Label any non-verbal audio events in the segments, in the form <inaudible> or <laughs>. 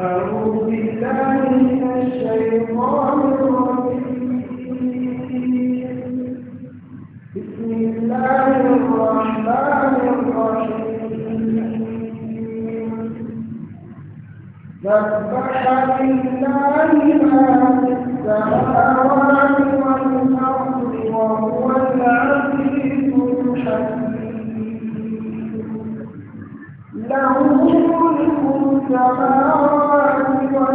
أعوذ بالله من الشيطان الرجيم بسم الله الرحمن الرحيم سبح لله ما في السماوات والأرض وهو العزيز الحكيم له ملك السماوات نعم.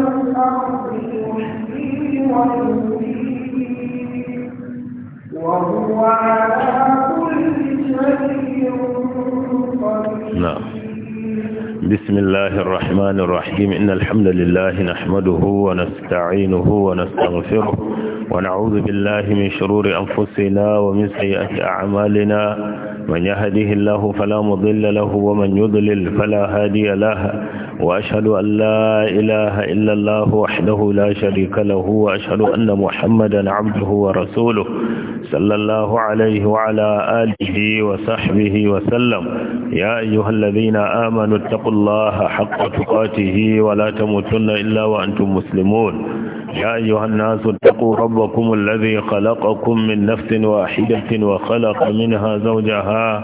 بسم الله الرحمن الرحيم إن الحمد لله نحمده ونستعينه ونستغفره ونعوذ بالله من شرور أنفسنا ومن سيئات أعمالنا من يهده الله فلا مضل له ومن يضلل فلا هادي له وأشهد أن لا إله إلا الله وحده لا شريك له وأشهد أن محمدا عبده ورسوله صلى الله عليه وعلى آله وصحبه وسلم يا أيها الذين آمنوا اتقوا الله حق تقاته ولا تموتن إلا وأنتم مسلمون يا أيها الناس اتقوا ربكم الذي خلقكم من نفس واحدة وخلق منها زوجها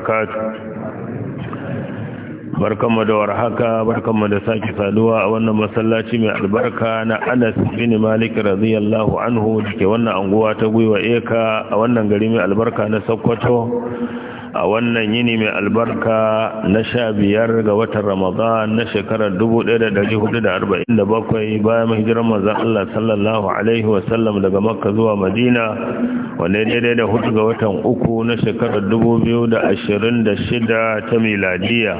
barkamu barkanmu da warhaka barkanmu da sake saduwa a wannan masallaci mai albarka na Anas bin Malik radiyallahu anhu dake wannan anguwa ta Guiwa Eka a wannan gari mai albarka na Sokoto a wannan yini mai albarka na sha biyar ga watan ramadan na shekarar bakwai bayan hijirar manzan Allah sallallahu Alaihi wasallam daga makka zuwa madina wanda daidai da hudu ga watan uku na shekarar shida ta miladiya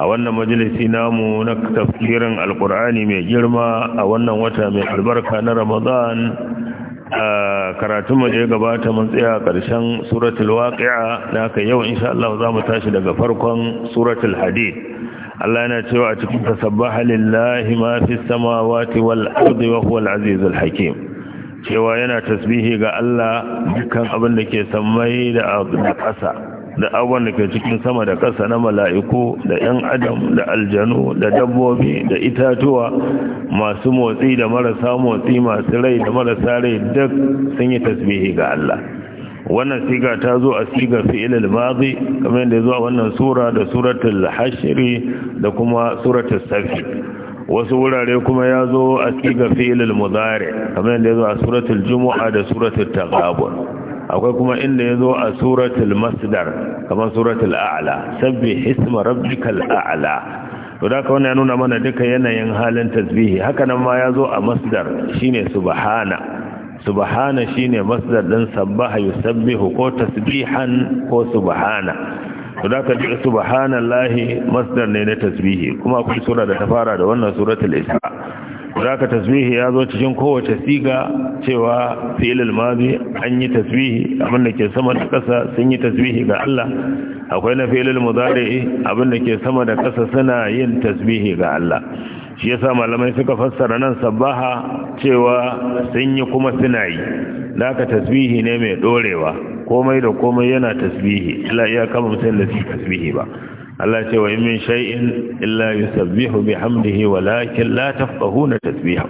a wannan majalisi namu na tafkirin alkur'ani mai girma a wannan wata mai albarka na ramadan karatun mu gabata mun tsaya karshen suratul waqi'a da haka yau insha Allah za mu tashi daga farkon suratul hadid Allah yana cewa a cikin tasabbaha lillahi ma fis samawati wal ardi wa huwal azizul hakim cewa yana tasbihi ga Allah dukkan abin da ke samai da ƙasa da abubuwan da ke cikin sama da ƙasa na mala'iku da ‘yan adam da aljanu da dabbobi da itatuwa masu motsi da marasa motsi masu rai da marasa rai duk sun yi tasbihi ga Allah wannan siga ta zo a siga fi'ilil mazi kamar yadda ya wannan sura da suratul hashiri da kuma suratul safi wasu wurare kuma ya zo a siga fi'ilil mudari kamar yadda ya suratul jumu'a da suratul tagabun akwai kuma inda ya zo a suratul masdar kamar suratul a'la sabbi hisma rabbikal a'la to da ka wannan ya nuna mana duka yanayin halin tasbihi haka nan ma ya zo a masdar shine subhana subhana shine masdar din sabbaha yusabbihu ko tasbihan ko subhana da ka ji subhanallahi masdar ne na tasbihi kuma akwai sura da ta fara da wannan suratul isra zaka tasbihi ya zo cikin kowace siga cewa fi'il madi an yi tasbihi abin da ke sama da ƙasa sun yi tasbihi ga Allah akwai na fi'il mudari abin da ke sama da ƙasa suna yin tasbihi ga Allah shi yasa malamai suka fassara nan sabbaha cewa sun yi kuma suna yi zaka tasbihi ne mai dorewa komai da komai yana tasbihi illa iyaka kama mutum da su tasbihi ba Allah ce wa in min shay'in illa yusabbihu bihamdihi walakin la tafqahuna tasbiha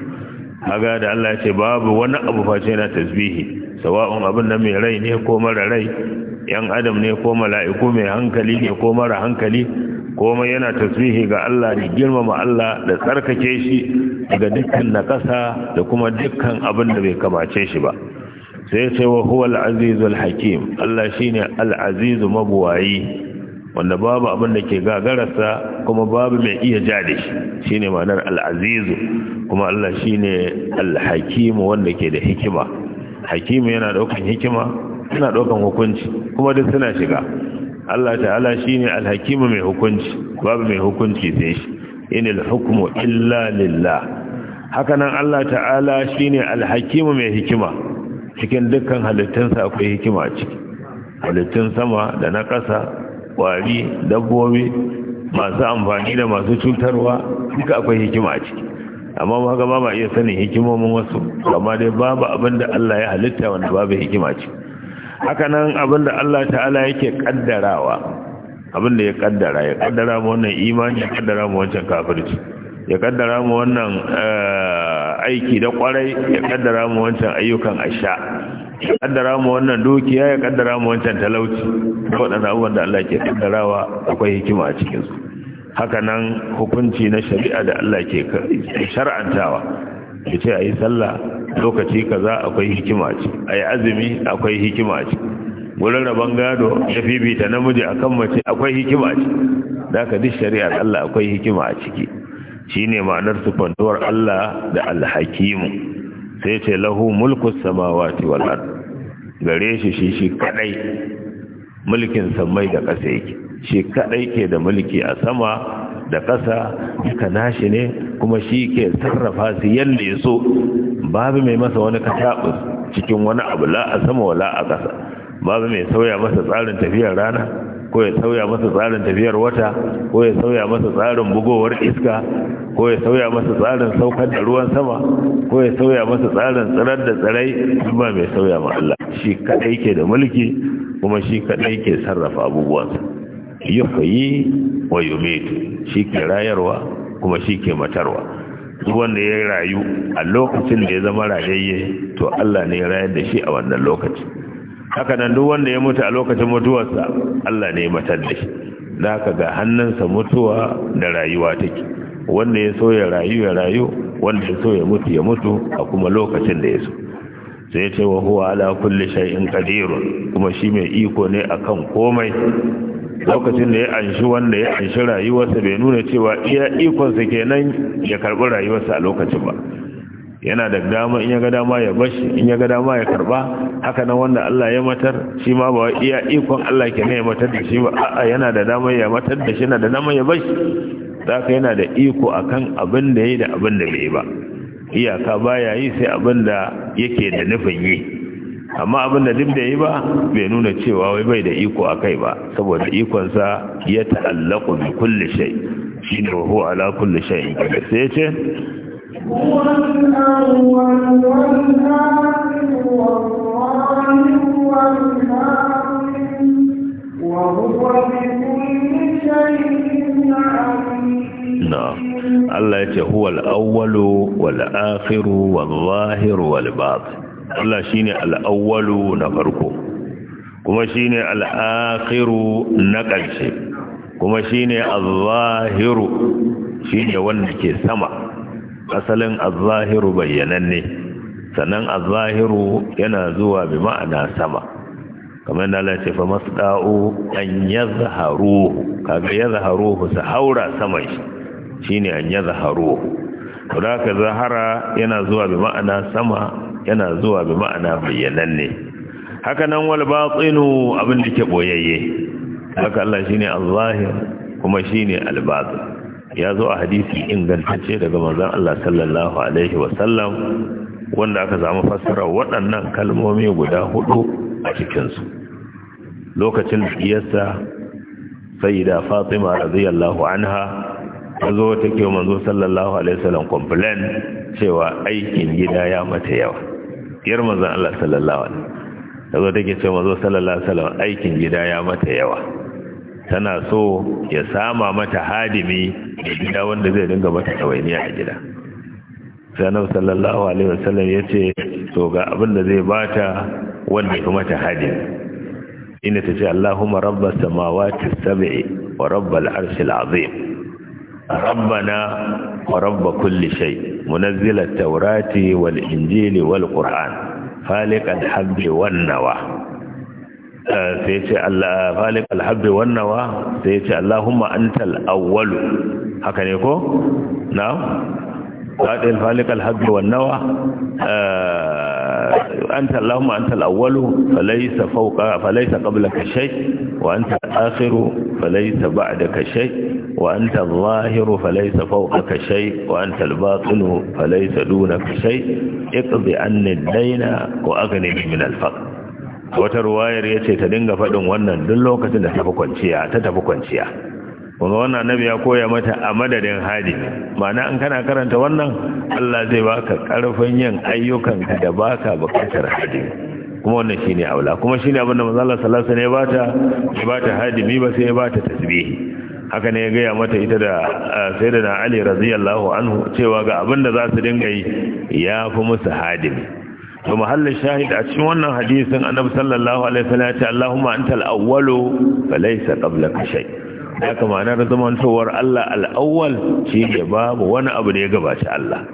kaga da Allah ce babu wani abu face na tasbihi sawa'un abin da mai rai ne ko mara rai yan adam ne ko mala'iku mai hankali ne ko mara hankali komai yana tasbihi ga Allah da girmama Allah da tsarkake shi daga dukkan nakasa da kuma dukkan abin da bai kamace shi ba sai ce wa azizul hakim Allah shine al-azizu mabuwayi wanda babu abin da ke gagararsa kuma babu mai iya ja da shi shine ma'anar al'azizu kuma Allah shine al-hakimu wanda ke da hikima hakimu yana daukan hikima yana daukan hukunci kuma duk suna shiga Allah ta'ala shine al-hakimu mai hukunci babu mai hukunci sai shi inil hukmu illa lillah hakanan Allah ta'ala shine al-hakimu mai hikima cikin dukkan halittunsa akwai hikima ciki halittun sama da na ƙasa ƙwari dabbobi masu amfani da masu cutarwa duka akwai hikima a ciki amma ba ba ma iya sanin hikimomin wasu amma dai babu abin da Allah ya halitta wanda babu hikima ce haka nan abin da Allah ta'ala yake kaddarawa abin da ya kaddara ya kaddara mu wannan imani ya kaddara mu wancan kafirci ya kaddara mu wannan eh, aiki da kwarai ya kaddara mu wancan ayyukan asha ya kaddara mu wannan dukiya ya kaddara mu wancan talauci waɗannan abubuwan da Allah ke kaddarawa akwai hikima a cikin su haka nan hukunci na shari'a da Allah ke shar'antawa ya ce a yi sallah lokaci kaza akwai hikima ce a yi azumi akwai hikima ce wurin rabon gado ya ta namiji a kan mace akwai hikima ce da aka duk shari'ar Allah akwai hikima a ciki shi ne ma'anar sufantuwar Allah da alhakimu sai ce lahu mulkus samawati wal ard gare shi shi shi kadai mulkin samai da ƙasa yake shi kadai ke da mulki a sama da ƙasa duka nashi ne kuma shi ke sarrafa su yalle so babu mai masa wani kataɓus cikin wani abu la a sama wala a ƙasa babu mai sauya masa tsarin tafiyar rana ko ya sauya masa tsarin tafiyar wata ko ya sauya masa tsarin bugowar iska ko ya sauya masa tsarin saukar da ruwan sama ko ya sauya masa tsarin tsirar da tsirai ba mai sauya ma Allah shi kadai ke da mulki kuma shi kadai ke sarrafa abubuwan yuhyi wa yumitu shi ke rayarwa kuma shi ke matarwa duk wanda ya rayu a lokacin da ya zama rayayye to Allah ne ya rayar da shi a wannan lokacin haka nan duk wanda ya mutu a lokacin mutuwarsa Allah ne matar da shi da haka ga hannunsa mutuwa da rayuwa take wanda ya so ya rayu ya rayu wanda ya so ya mutu ya mutu a kuma lokacin da ya so sai ce wa huwa ala kulli shay'in qadir kuma shi mai iko ne akan komai lokacin da ya anshi wanda ya anshi rayuwarsa bai nuna cewa iya ikonsa kenan ya karɓi rayuwarsa a lokacin ba yana da dama in ya ga dama ya bashi in ya ga dama ya karba haka nan wanda Allah ya matar shi ma ba iya ikon Allah ke ne ya matar da shi ba a'a yana da dama ya matar da shi yana da dama ya bashi zaka yana da iko akan abin da yayi da abin da bai ba iyaka baya yi sai abin da yake da nufin yi amma abin da duk da yi ba bai nuna cewa wai bai da iko akai ba saboda ikonsa ya ta'allaqu bi kulli shay shi ne huwa ala kulli shay sai ce Allah ya ce huwal awwalu wal akhiru wal zahiru wal batin Allah shi ne awwalu na farko kuma shi ne Al'akhiru na ƙarshe kuma shi ne al zahiru ne wanda ke sama asalin az-zahiru ne sannan az-zahiru yana zuwa bi ma'ana sama kamar da Allah ce fa masda'u an yazharuhu kaga yazharuhu sa haura saman shi shine an yazharuhu to da ka zahara yana zuwa bi ma'ana sama yana zuwa bi ma'ana ne haka nan wal batinu abin da ke boyayye haka Allah shine al-zahir kuma shine al-batin ya zo a hadisi ingantacce daga manzon Allah sallallahu alaihi wasallam wanda aka samu fassara waɗannan kalmomi guda hudu a cikinsu lokacin biyarsa sayyida fatima radiyallahu anha zo ta ke manzo sallallahu alaihi wasallam complain cewa aikin gida ya mata yawa yar manzon Allah sallallahu alaihi ta zo ta ke cewa manzo sallallahu alaihi wasallam aikin gida ya mata yawa tana so ya sama mata hadimi da gida wanda zai dinga mata ɗawainiya a gida sanar sallallahu alaihi wasallam ya ce to ga abin da zai bata wanda ya mata hadimi Ina ta ce allahumma rabba samawati sab'i wa rabbal arshil azim rabbana wa rabba kulli shay munazzila taurati wal injili wal qur'an faliq al-habbi wan nawa Eh, sai ce Allah falik alhabbi wannawa sai ce Allahumma antal awwalu haka ne ko na'am fadil falik alhabbi wannawa eh, anta Allahumma antal awwalu falaysa fawqa falaysa qablaka shay wa anta akhiru falaysa ba'daka shay wa anta adh-dhahiru falaysa fawqaka shay wa anta al-batinu falaysa dunaka shay iqdi anni ad-dayna wa aghni min al-faqr a wata ruwayar ya ce ta dinga faɗin wannan duk lokacin da tafi kwanciya ta tafi kwanciya kuma wannan nabi ya koya mata a madadin hadi ma'ana in kana karanta wannan Allah zai baka karfin yin ayyukan ka da baka bukatar hadi kuma wannan shine aula kuma shine abin da manzo Allah sallallahu alaihi wasallam ya bata ya bata hadimi ba sai ya bata tasbihi haka ne ya gaya mata ita da eh, sayyidina Ali radiyallahu anhu cewa ga abin da za su dinga yi ya fi musu hadimi to mahallin shahid a cikin wannan hadisin annabi sallallahu alaihi wasallam ya ce Allahumma antal awwalu falaysa qablaka shay ya kama na zamantowar Allah al-awwal shi ne babu wani abu da ya gabaci Allah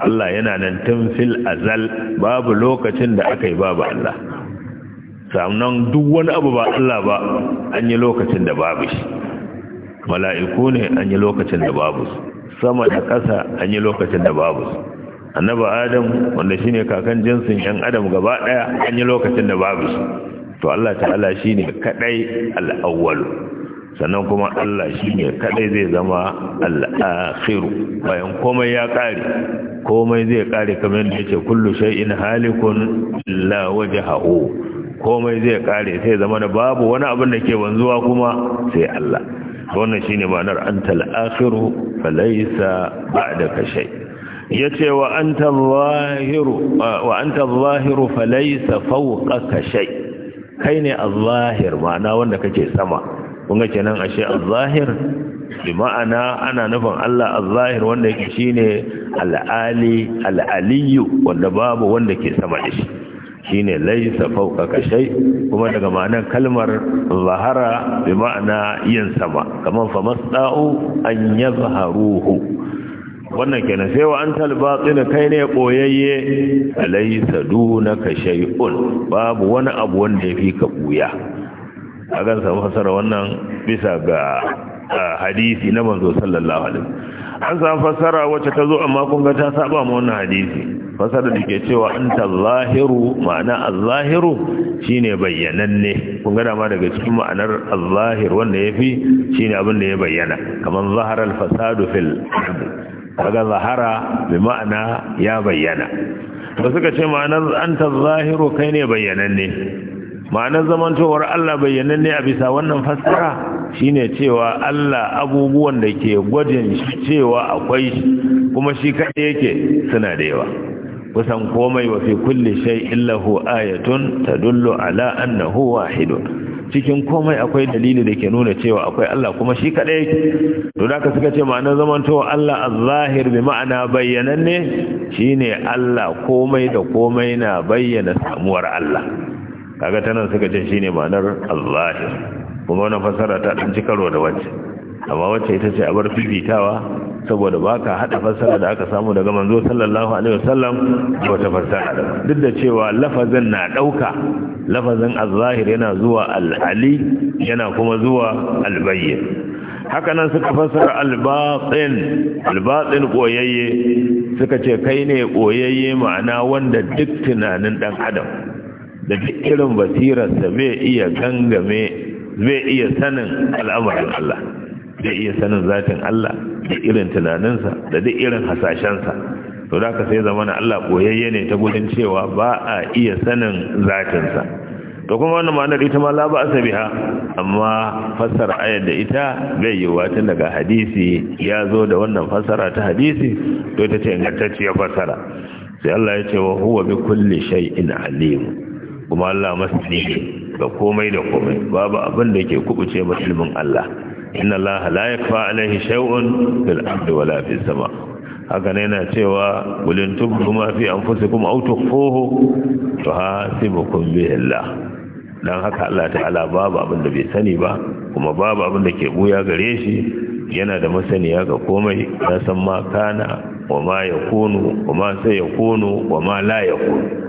Allah yana nan tun fil azal babu lokacin da aka yi babu Allah sannan duk wani abu ba Allah ba an yi lokacin da babu shi mala'iku ne an yi lokacin da babu sama da ƙasa an yi lokacin da babu su annaba adam wanda shine kakan jinsin yan adam gaba daya an yi lokacin da babu su to Allah ta'ala shine kadai al-awwal sannan kuma Allah shine kadai zai zama al-akhir bayan komai ya kare komai zai kare kamar yadda yake kullu shay'in halikun illa wajhahu komai zai kare sai zama da babu wani abin da ke wanzuwa kuma sai Allah wannan shine ma'anar antal akhiru falaysa ba'daka shay'in ya ce wa an ta zahiru falaisa fauƙaka shai kai ne a zahir ma'ana wanda kake sama kunga kenan ashe a zahir bi ma'ana ana nufin Allah a zahir wanda yake shi ne al'ali al'aliyu wanda babu wanda ke sama da shi shine laysa fauka shay kuma daga ma'anan kalmar zahara bi ma'ana yin sama kaman famasta'u an zaharuhu wannan kenan sai wa antal batin kai ne boyayye alaysa dunaka shay'un babu wani abu wanda yafi ka buya agan sa fasara wannan bisa ga hadisi na manzo sallallahu alaihi an san fasara wacce ta zo amma kun ga ta saba ma wannan hadisi fasara da ke cewa anta zahiru ma'ana az-zahiru shine bayyananne kun ga dama daga cikin ma'anar az-zahir wanda yafi shine abin da ya bayyana Kamar zahara al-fasadu fil kaga zahara bi ma'ana ya bayyana to suka ce ma'anar anta zahiru kai ne bayyananne ma'anar zamantowar Allah bayyananne a bisa wannan fassara shine cewa Allah abubuwan da ke gwajin shi cewa akwai kuma shi kaɗai yake suna da yawa kusan komai wa fi kulli shay'in lahu ayatun tadullu ala annahu wahidun cikin komai akwai dalili da ke nuna cewa akwai Allah kuma shi kaɗai yake to da suka ce ma'anar zamantowa Allah az-zahir bi ma'ana bayyananne shine Allah komai da komai na bayyana samuwar Allah kaga tanan suka ce shine ma'anar Allah. kuma wannan fasara ta dan ci da wacce amma wacce ita ce a bar fifitawa saboda ba ka haɗa fassara da aka samu daga manzo sallallahu alaihi wasallam da wata fassara duk da cewa lafazin na ɗauka lafazin azahir yana zuwa al'ali yana kuma zuwa albayyin haka nan suka fassara albatin albatin koyayye suka ce kai ne koyayye ma'ana wanda duk tunanin ɗan adam da duk irin basirarsa bai iya gangame zai iya sanin al'amarin Allah zai iya sanin zafin Allah da irin tunaninsa da duk irin hasashensa to da ka sai zama na Allah koyayye ne ta gudun cewa ba a iya sanin zafinsa. to kuma wannan ma'anar ita ma la ba asabiha amma fassar ayar da ita bai yi tun daga hadisi ya zo da wannan fassara ta hadisi to ita ce ingantacciyar fassara sai Allah ya ce wa huwa bi kulli shay'in alim kuma Allah masani ne ga komai da komai babu abin da ke kubuce musulmin Allah inna allaha la yakfa alaihi shay'un fil ardi wala fis sama haka ne yana cewa bulin tubdu ma fi anfusikum aw tukhfuhu tuhasibukum bihi allah dan haka Allah ta'ala babu abin da bai sani ba kuma babu abin da ke buya gare shi yana da masaniya ga komai ya san ma kana wa ma yakunu wa ma sai yakunu wa ma la yakunu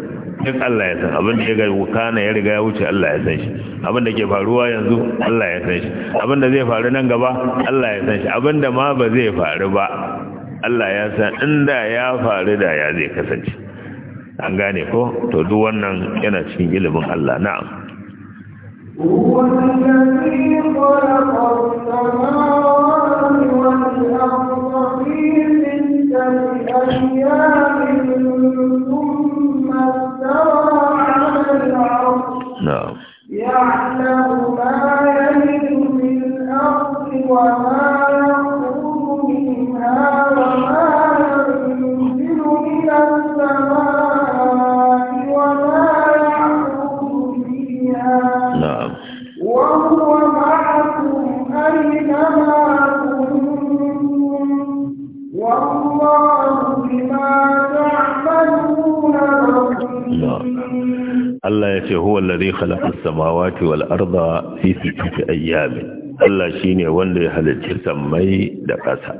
duk Allah ya san abin da ya ga kana ya riga ya wuce Allah ya san shi abin da ke faruwa yanzu Allah ya san shi abin da zai faru nan gaba Allah ya san shi abin da ma ba zai faru ba Allah ya san inda ya faru da ya zai kasance an gane ko to duk wannan yana cikin ilimin Allah na'am هو الذي خلق No. arda fi sittati ayyamin Allah shine wanda ya halicci sammai da ƙasa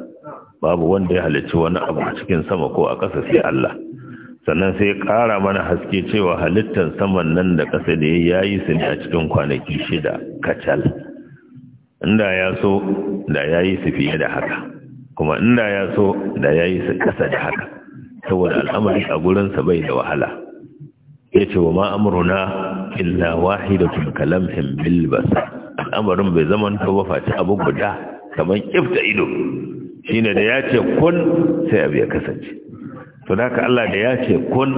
babu wanda ya halicci wani abu a cikin sama ko a ƙasa sai Allah sannan sai ya ƙara mana haske cewa halittar saman nan da ƙasa da ya yi su ne a cikin kwanaki shida kacal inda ya so da ya yi su fiye da haka kuma inda ya so da ya yi su ƙasa da haka saboda al'amari a gurinsa bai da wahala ya ce wa ma'amuruna illa wahidatun kalamhin bilbasa al'amarin bai zaman ta wafaci abu guda kamar ifta ido shi da ya ce kun sai abu ya kasance to da Allah da ya ce kun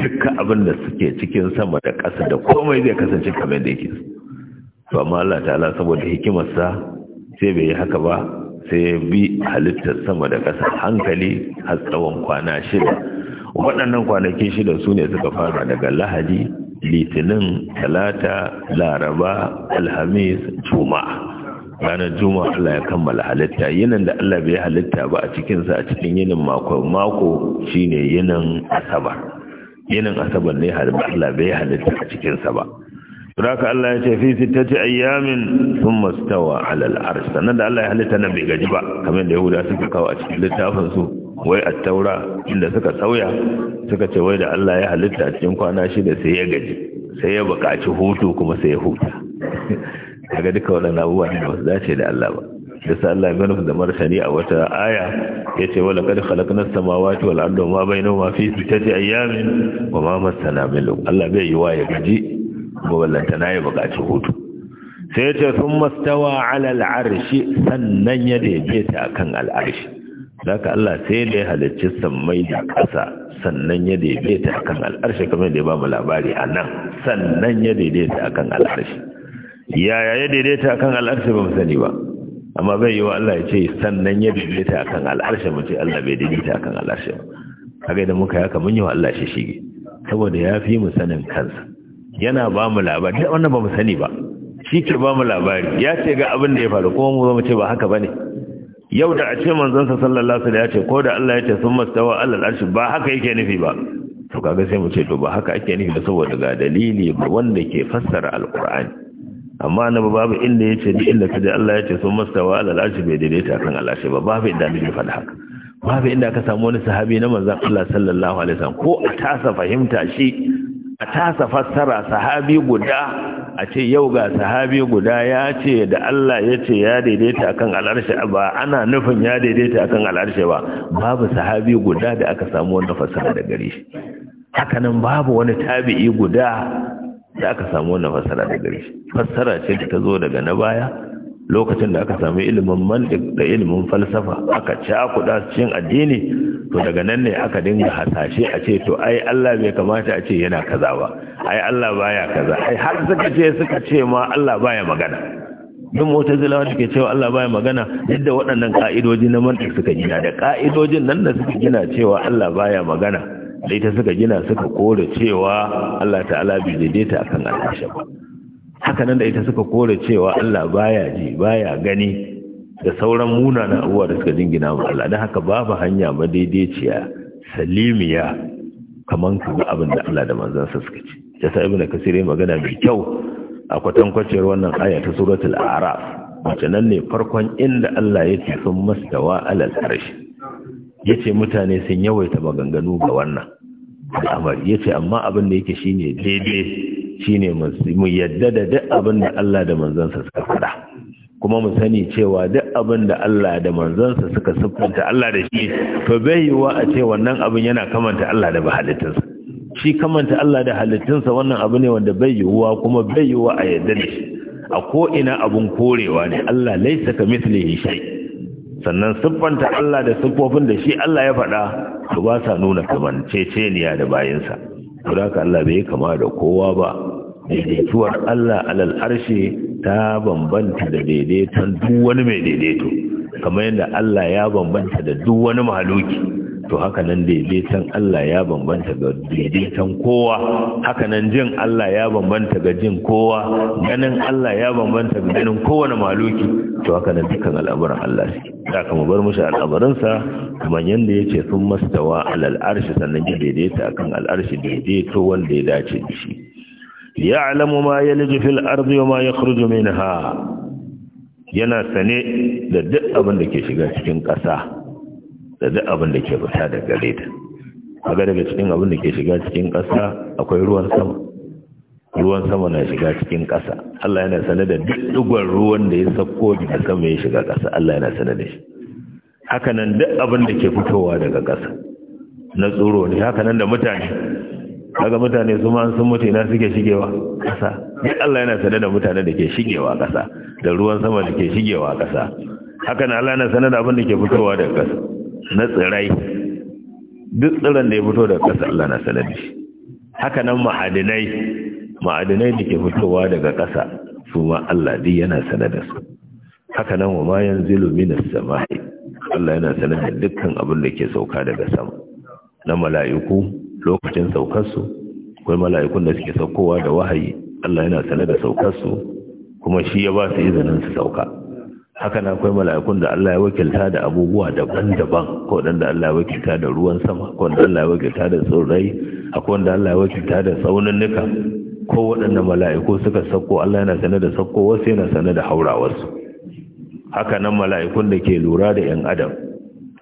duka abin da suke cikin sama da ƙasa da komai zai kasance kamar da yake to amma Allah ta'ala saboda hikimarsa sai bai yi haka ba sai bi halittar sama da ƙasa hankali har tsawon kwana shida waɗannan kwanaki shida su ne suka fara daga lahadi litinin talata laraba alhamis juma'a ranar juma'a Allah ya kammala halitta yinin da Allah bai halitta ba a cikinsa a cikin yinin mako mako shine yinin asabar yinin asabar ne Allah bai halitta a cikinsa ba Raka Allah ya ce fi sittati ayyamin sun mastawa alal sannan da Allah ya halitta nan bai gaji ba kamar da Yahuda suka kawo a cikin littafin su wai a taura inda suka sauya suka ce wai da Allah ya halitta a cikin kwana shida sai ya gaji sai ya buƙaci hutu kuma sai ya huta daga <laughs> duka waɗannan abubuwa ne ba su dace da Allah ba da sa Allah ya nufi da martani a wata aya ya ce wala kad khalaqna samawati wal arda ma bainahuma fi sittati ayyamin wa ma massana min lugh Allah bai yi wa ya gaji kuma wallanta na ya buƙaci hutu sai ya ce sun mastawa ala al'arshi sannan ya daidaita akan al'arshi zaka Allah sai da ya halicci sammai da ƙasa sannan ya daidaita kan al'arshi kamar da ya ba mu labari a nan sannan ya daidaita kan al'arshi yaya ya daidaita kan al'arshi ba mu sani ba amma bai yi wa Allah ya ce sannan ya daidaita kan al'arshi mu ce Allah bai daidaita kan al'arshi ba kaga idan muka haka mun yi wa Allah shi shige saboda ya fi mu sanin kansa yana ba mu labari wannan ba mu sani ba shi ke ba mu labari ya ce ga abin da ya faru kuma mu zama ce ba haka ba ne yau da a ce manzansa sallallahu alaihi ya ce ko da Allah ya ce sun mastawa alal arshi ba haka yake nufi ba to kaga sai mu ce to ba haka ake nufi saboda ga dalili ba wanda ke fassara alqur'ani amma na babu inda yace ni inda kaje Allah ya ce sun mastawa alal arshi bai daidaita kan alashi ba babu inda ne faɗa haka babu inda aka samu wani sahabi na manzon Allah sallallahu alaihi wasallam ko a tasa fahimta shi a tasa fassara sahabi guda a ce yau ga sahabi guda ya ce da Allah ya ce ya daidaita akan al'arshe ba ana nufin ya daidaita akan al'arshe ba babu sahabi guda da aka samu wannan fassara da gare shi hakanan babu wani tabi'i guda da aka samu wannan fassara da gare shi fassara ce da ta zo daga na baya lokacin da aka sami ilimin mantik da ilimin falsafa aka cakuɗa cikin addini to daga nan ne aka dinga hasashe a ce to ai Allah bai kamata a ce yana kaza ba ai Allah baya kaza ai har suka ce suka ce ma Allah baya magana duk wata da ke cewa Allah baya magana yadda waɗannan ka'idoji na mantik suka gina da ka'idojin nan da suka gina cewa Allah baya magana da ita suka gina suka kore cewa Allah ta'ala bai daidaita akan al'asha ba haka nan da ita suka kore cewa Allah baya ji baya gani da sauran munanan abubuwa da suka jingina ma Allah don haka babu hanya madaidaiciya salimiya kaman ka ga abin da Allah da sa suka ce ya sa ibnu kasir magana mai kyau a kwatankwaciyar wannan aya ta suratul a'raf wacce nan ne farkon inda Allah ya ce sun mastawa alal arshi yace mutane sun yawaita maganganu ga wannan al'amari yace amma abin da yake shine daidai shine mu yadda da duk abin da Allah da manzansa suka fada. kuma mu sani cewa duk abin da Allah da manzansa suka siffanta Allah da shi to bai yiwuwa a ce wannan abin yana kamanta Allah da halittinsa shi kamanta Allah da halittinsa wannan abu ne wanda bai yiwuwa kuma bai yiwuwa a yadda da shi a ko ina abun korewa ne Allah laisa ka mislihi shay sannan siffanta Allah da siffofin da shi Allah ya faɗa to ba sa nuna kamanceceniya da bayinsa saboda haka Allah bai kama da kowa ba daidaituwar Allah alal arshe ta bambanta da daidaito duk wani mai daidaito kamar yadda Allah ya bambanta da duk wani mahaluki to haka nan daidaiton Allah ya bambanta ga daidaiton kowa haka nan jin Allah ya bambanta ga jin kowa ganin Allah ya bambanta ga ganin kowane maluki to haka nan dukkan al'amuran Allah suke da kuma bar mushi al'amuransa kamar yanda yake sun mastawa alal arshi sannan ya daidaita akan al'arshi daidaito wanda ya dace da shi ya'lamu ma yaliju fil ardi wa ma yakhruju minha yana sane da duk abin da ke shiga cikin ƙasa da duk abin da ke fita daga gare ta daga cikin abin da ke shiga cikin ƙasa akwai ruwan sama ruwan sama na shiga cikin ƙasa Allah yana sane da duk dugon ruwan da ya sako daga sama ya shiga ƙasa Allah yana sane da shi haka nan duk abin da ke fitowa daga ƙasa na tsoro ne haka nan da mutane daga mutane su ma sun mutu ina suke shigewa ƙasa duk Allah yana sane da mutane da ke shigewa ƙasa da ruwan sama da ke shigewa ƙasa haka nan Allah yana sane da abin da ke fitowa daga ƙasa na tsirai duk tsiran da ya fito daga ƙasa Allah yana sane da shi haka nan ma'adinai Ma'adinai da ke fitowa daga ƙasa su ma Allah dai yana sane da su haka nan wa mayan zilu minas sama'i Allah yana sane da dukkan abin da ke sauka daga sama na mala'iku lokacin saukarsu akwai mala'ikun da suke saukowa da wahayi Allah yana sane da saukarsu kuma shi ya ba su izinin su sauka haka na akwai mala'ikun da Allah ya wakilta da abubuwa daban-daban ko wanda Allah ya wakilta da ruwan sama ko wanda Allah ya wakilta da tsirrai akwai wanda Allah ya wakilta da tsaunin ko waɗanda mala'iku suka sako Allah yana sane da sako wasu yana sane da haurawarsu haka nan mala'ikun da ke lura da ‘yan adam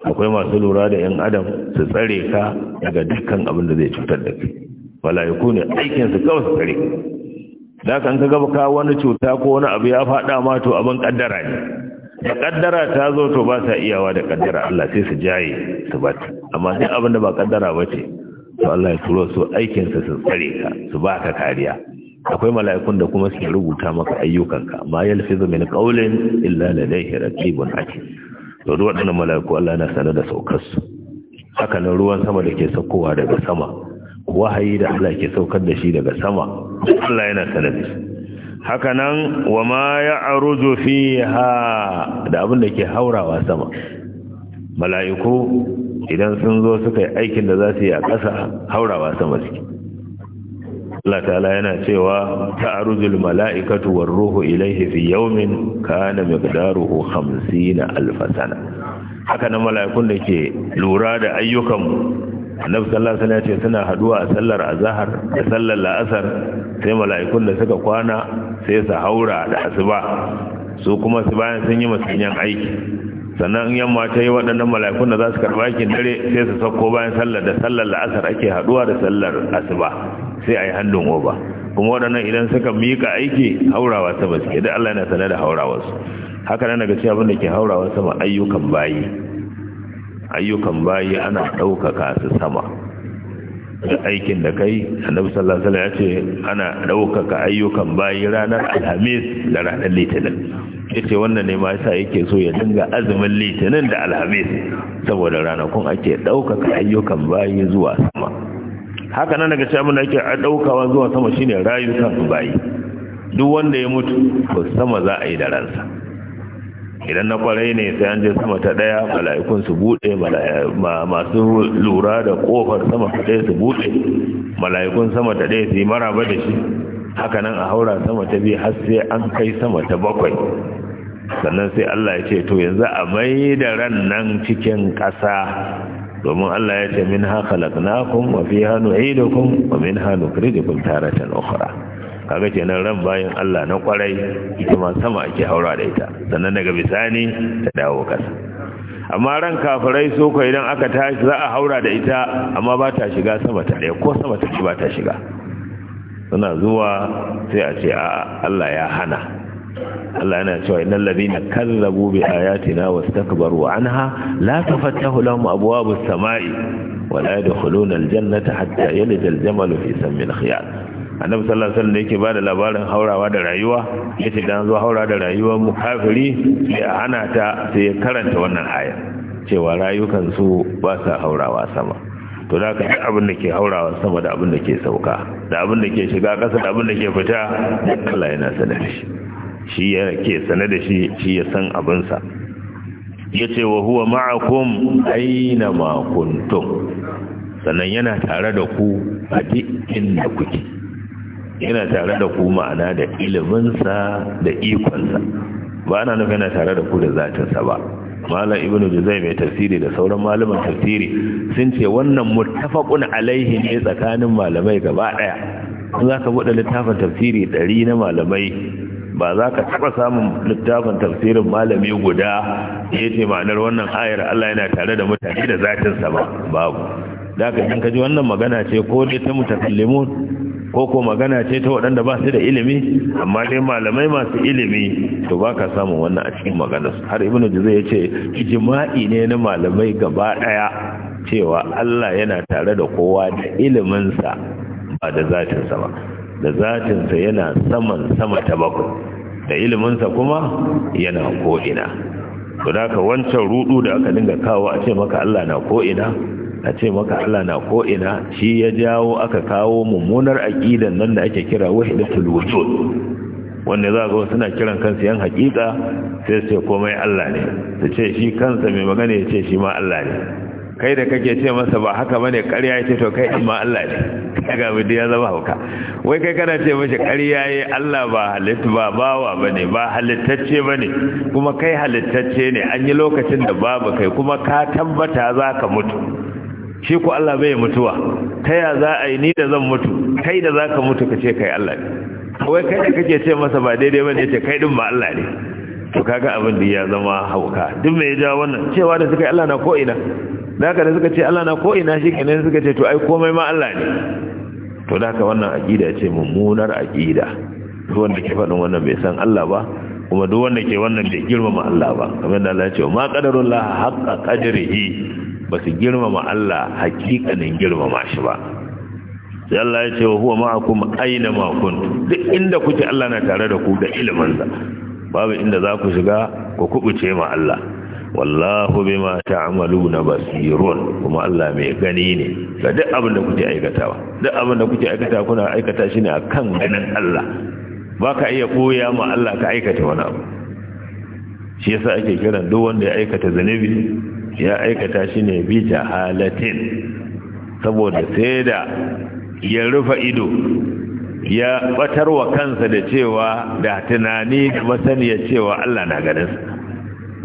akwai masu lura da ‘yan adam su tsare ka daga dukkan abin da zai cutar da kai mala'iku ne aikinsu kawai su tsare da kan ka gaba ka wani cuta ko wani abu ya faɗa ma to abin ƙaddara ne da kaddara ta zo to ba sa iyawa da kaddara Allah sai su jaye su bata amma sai abin da ba kaddara ba ce to Allah ya turo su aikinsa su tsare ka su ba ka kariya akwai mala'ikun da kuma suke rubuta maka ayyukanka ma yalfizu min qawlin illa ladayhi raqibun atid to duk waɗannan mala'iku Allah yana sanar da saukar su haka nan ruwan sama da ke saukowa daga sama wahayi da Allah ke saukar da shi daga sama Allah yana sanar da shi haka nan wa ma ya'ruju fiha da abin da ke haurawa sama mala'iku idan sun zo suka yi aikin da za su yi a ƙasa haurawa sama suke Allah ta'ala yana cewa aruzul mala'ikatu war ruhu ilaihi fi yawmin kana miqdaruhu 50 alf haka nan mala'ikun da ke lura da ayyukan annabi sallallahu ya ce suna haduwa a sallar azahar da sallar la'asar sai mala'ikun da suka kwana sai su haura da asuba su kuma su bayan sun yi masanyan aiki sannan in yamma ta yi waɗannan mala'ikun da za su karɓa yakin dare sai su sauko bayan sallar da sallar la'asar ake haɗuwa da sallar asuba sai a yi hannun oba kuma waɗannan idan suka miƙa aiki haurawa sama suke da Allah yana sanar da haurawarsu haka nan daga ci abin da ke haurawa sama ayyukan bayi ayyukan bayi ana ɗaukaka su sama da aikin da kai annabi sallallahu alaihi wasallam ya ana ɗaukaka ayyukan bayi ranar alhamis da ranar litinin yace wannan ne ma yasa yake so ya dinga azumin litinin da alhamis saboda ranakun ake ɗaukaka ayyukan bayi zuwa sama haka nan daga cikin ake ɗaukawa zuwa sama shine rayukan bayi duk wanda ya mutu to sama za a yi da ransa idan na kwarai ne sai an je sama ta daya mala'ikun su bude masu lura da kofar sama ta daya su bude mala'ikun sama ta daya su yi maraba da shi haka nan a haura sama ta biyu har sai an kai sama ta bakwai sannan sai Allah ya ce to yanzu a mai da ran nan cikin ƙasa domin Allah ya ce min haka lagnakun wa fi hannu wa min hannu taratan okra kaga kenan ran bayan Allah na kwarai ita ma sama ake haura da ita sannan daga bisani ta dawo kasa amma ran kafirai so ko idan aka tashi za a haura da ita amma ba ta shiga sama ta ko sama ta ba ta shiga suna zuwa sai a ce a Allah ya hana Allah yana cewa innal ladina kazzabu bi ayatina wastakbaru anha la tafattahu lahum abwabus samai ولا يدخلون الجنة حتى يلد الجمل في سم الخياط annabi sallallahu alaihi wasallam yake bada labarin haurawa da rayuwa yace dan zo haura da rayuwar mu kafiri sai a hana ta sai ya karanta wannan aya cewa rayukan su ba sa haurawa sama to da kai abin da ke haurawa sama da abin da ke sauka da abin da ke shiga ƙasa da abin da ke fita Allah yana sanar da shi shi yake sanar da shi shi ya san abin sa yace wa huwa ma'akum aina ma kuntum sannan yana tare da ku a duk inda kuke yana tare da ku ma'ana da iliminsa da ikonsa ba ana nufin yana tare da ku da zatinsa ba malam ibn juzai mai tafsiri da sauran malaman tafsiri sun ce wannan muttafaqun alaihi ne tsakanin malamai gaba daya za ka buɗe littafin tafsiri ɗari na malamai ba za ka taɓa samun littafin tafsirin malami guda ya ce ma'anar wannan ayar Allah yana tare da mutane da zatinsa ba babu da ka ka ji wannan magana ce ko dai ta mutakallimun ko ko magana ce ta waɗanda ba su da ilimi amma dai malamai masu ilimi to ba ka samun wannan a cikin maganarsu har ibn juzai ya ce jima'i ne na malamai gaba ɗaya cewa Allah yana tare da kowa da iliminsa ba da zatinsa ba da zatinsa yana saman sama ta bakwai da iliminsa kuma yana ko'ina to da wancan rudu da aka dinga kawo a ce maka Allah na ko'ina a ce maka Allah na ko ina shi ya jawo aka kawo mummunar aqidan nan da ake kira wahdatul wujud wanda za ga suna kiran kansu yan haƙiƙa sai su ce komai Allah ne su ce shi kansa mai magana ya ce shi ma Allah ne kai da kake ce masa ba haka bane ƙarya ce to kai ma Allah ne kaga mu ya zama hauka wai kai kana ce mishi ƙarya yayi Allah ba halittu ba bawa bane ba halittacce bane kuma kai halittacce ne an yi lokacin da babu kai kuma ka tabbata za ka mutu shi ko Allah bai mutuwa ta ya za a yi ni da zan mutu kai da za ka mutu ka ce kai Allah ne kawai kai da kake ce masa ba daidai ba ne ce kai din ba Allah ne to kaga abin da ya zama hauka duk mai ja wannan cewa da suka yi Allah na ko ina da haka da suka ce Allah na ko ina shi nan suka ce to ai komai ma Allah ne to da haka wannan aqida ce mummunar aqida duk wanda ke faɗin wannan bai san Allah ba kuma duk wanda ke wannan bai girmama Allah ba kamar da Allah ya ce ma qadarullah haqqa qadrihi ba su girmama Allah hakikanin girmama shi ba sai Allah ya ce wa huwa ma'akum aina ma kuntum duk inda kuke Allah na tare da ku da ilimin sa babu inda za ku shiga ku kubuce ma Allah wallahu bima ta'maluna basirun kuma Allah mai gani ne ga duk abin da kuke aikatawa duk abin da kuke aikata kuna aikata shi ne akan ganin Allah baka iya koya ma Allah ka aikata wani abu shi yasa ake kiran duk wanda ya aikata zanibi ya aikata shi ne bi halatin saboda sai da ya rufa ido ya batarwa kansa da cewa da tunani da masaniya cewa Allah na ganinsa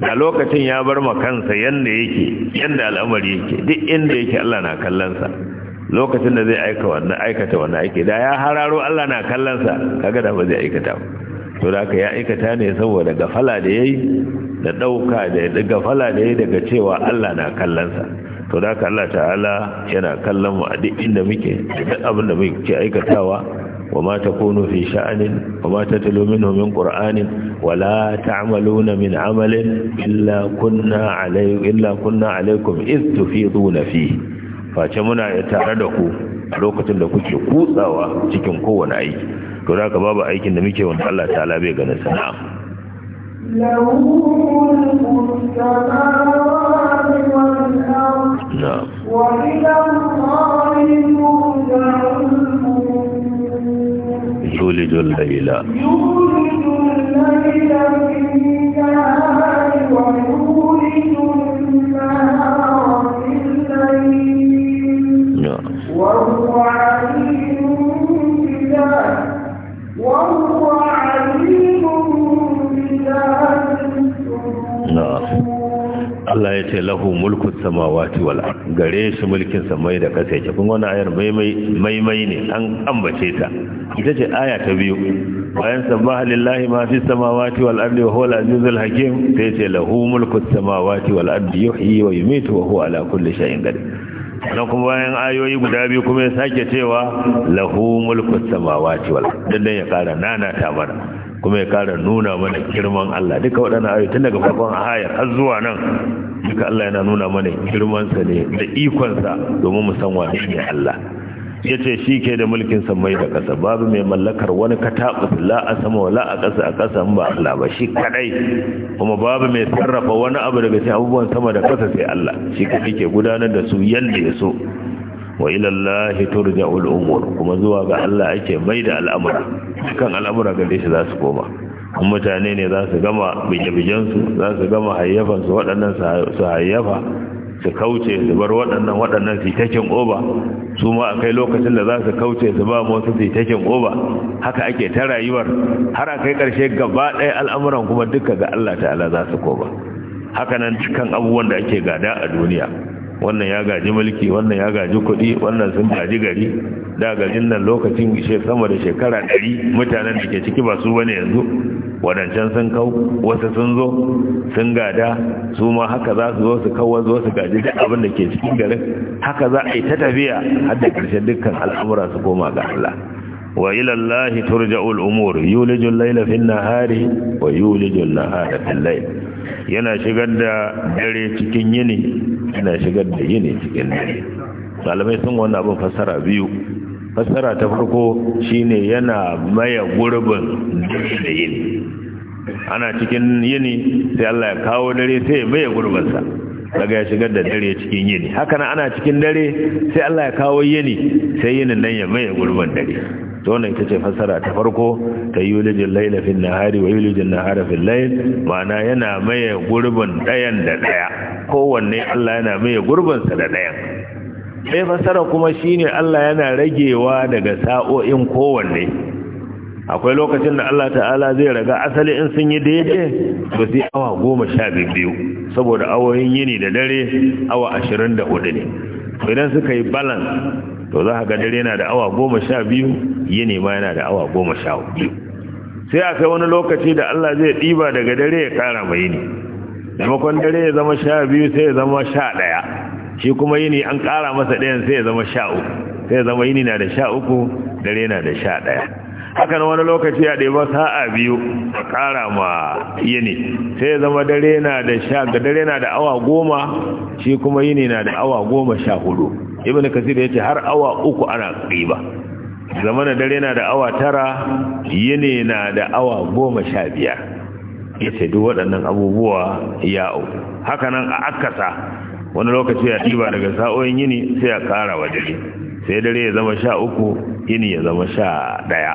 A lokacin ya bar ma kansa yanda yake yanda al'amari yake duk inda yake Allah na kallonsa lokacin da zai aika wannan aikata wannan aiki da ya hararo Allah na kallonsa kaga da ba zai aikata ba to da aka ya aikata ne saboda gafala da yayi da dauka da gafala da yayi daga cewa Allah na kallonsa. sa to da aka Allah ta'ala yana kallon mu a duk inda muke da abin da muke aikatawa wama takunu fi sha'anin wama tatlu minhu min qur'anin wala ta'maluna min amalin illa kunna alay illa kunna alaykum id fi fa ce muna tare da ku lokacin da kuke kutsawa cikin kowane aiki to da babu aikin da muke wanda Allah ta'ala bai ganin sa na'am يولج الليل يولج الليل Allah ya ce lahu mulku samawati wal ard gare shi mulkin samai da kasa yake kun wannan ayar maimai ne an ambace ta ita ce aya ta biyu bayan sabaha lillahi ma fi samawati wal ard wa huwa al azizul hakim sai ce lahu mulku samawati wal ard yuhyi wa yumitu wa huwa ala kulli shay'in qadir sannan kuma bayan ayoyi guda biyu kuma ya sake cewa lahu mulku samawati wal ard dan ya kara nana ta mana kuma ya kara nuna mana girman Allah duka waɗannan ayoyi tun daga farkon hayar har zuwa nan duka Allah yana nuna mana girmansa ne da ikonsa domin mu san wane ne Allah ya ce shi ke da mulkin samai da ƙasa babu mai mallakar wani katabu la a sama la a ƙasa a ƙasa ba Allah ba shi kaɗai kuma babu mai sarrafa wani abu daga cikin abubuwan sama da ƙasa sai Allah shi kaɗai ke gudanar da su yadda ya so wa ilallahi turja'ul umur kuma zuwa ga Allah ake mai da al'amura kan al'amura ga dai za su koma kuma mutane ne za su gama su za su gama su waɗannan su hayyafa su kauce su bar waɗannan waɗannan fitakin oba su ma a kai lokacin da za su kauce su ba wasu fitakin oba haka ake ta rayuwar har a kai ƙarshe gaba ɗaya al'amuran kuma duka ga Allah ta'ala za su koma haka nan cikin abubuwan da ake gada a duniya wannan ya gaji mulki wannan ya gaji kuɗi wannan sun gaji gari da garin nan lokacin sama da shekara ɗari mutanen da ke ciki ba su wani yanzu wadancan sun kau wasu sun zo sun gada su ma haka za su zo su kawo zo su gaji duk abin da ke cikin garin haka za a yi ta tafiya har da ƙarshen dukkan al'amura su koma ga Allah وإلى الله ترجع الأمور يولج الليل في wa ويولج النهار في الليل yana shigar da dare cikin yini ina shigar da yini cikin dare malamai sun wani abin fassara biyu fassara ta farko shine yana maye gurbin da yini ana cikin yini sai Allah ya kawo dare sai ya maye gurbinsa daga ya shigar da dare cikin yini haka nan ana cikin dare sai Allah ya kawo yini sai yinin nan ya maye gurbin dare to wannan ita ce fassara ta farko ta yulijin laila fil nahari wa yulijin nahara fil lail ma'ana yana maye gurbin ɗayan da ɗaya kowanne Allah yana maye gurbin sa da ɗayan sai fassara kuma shine Allah yana ragewa daga sa'o'in kowanne akwai lokacin da Allah ta'ala zai raga asali in sun yi daidai to sai awa goma sha biyu saboda awoyin yini da dare awa ashirin da hudu ne idan suka yi balance to za ka ga dare yana da awa goma sha biyu yini ma yana da awa goma sha biyu sai a kai wani lokaci da Allah zai ɗiba daga dare ya ƙara mai yini maimakon dare ya zama sha biyu sai ya zama sha ɗaya shi kuma yini an ƙara masa ɗayan sai ya zama sha uku sai ya zama yini na da sha uku dare na da sha ɗaya hakan wani lokaci a ɗeba sa'a biyu a ƙara ma yini sai ya zama dare na da sha ga dare na da awa goma shi kuma yini na da awa goma sha hudu ibn kasir yace har awa uku ana riba zama da dare na da awa tara yini na da awa goma sha biyar Yace duk waɗannan abubuwa ya au haka nan a akasa wani lokaci ya riba daga sa'o'in yini sai ya kara wa dare sai dare ya zama sha uku yini ya zama sha ɗaya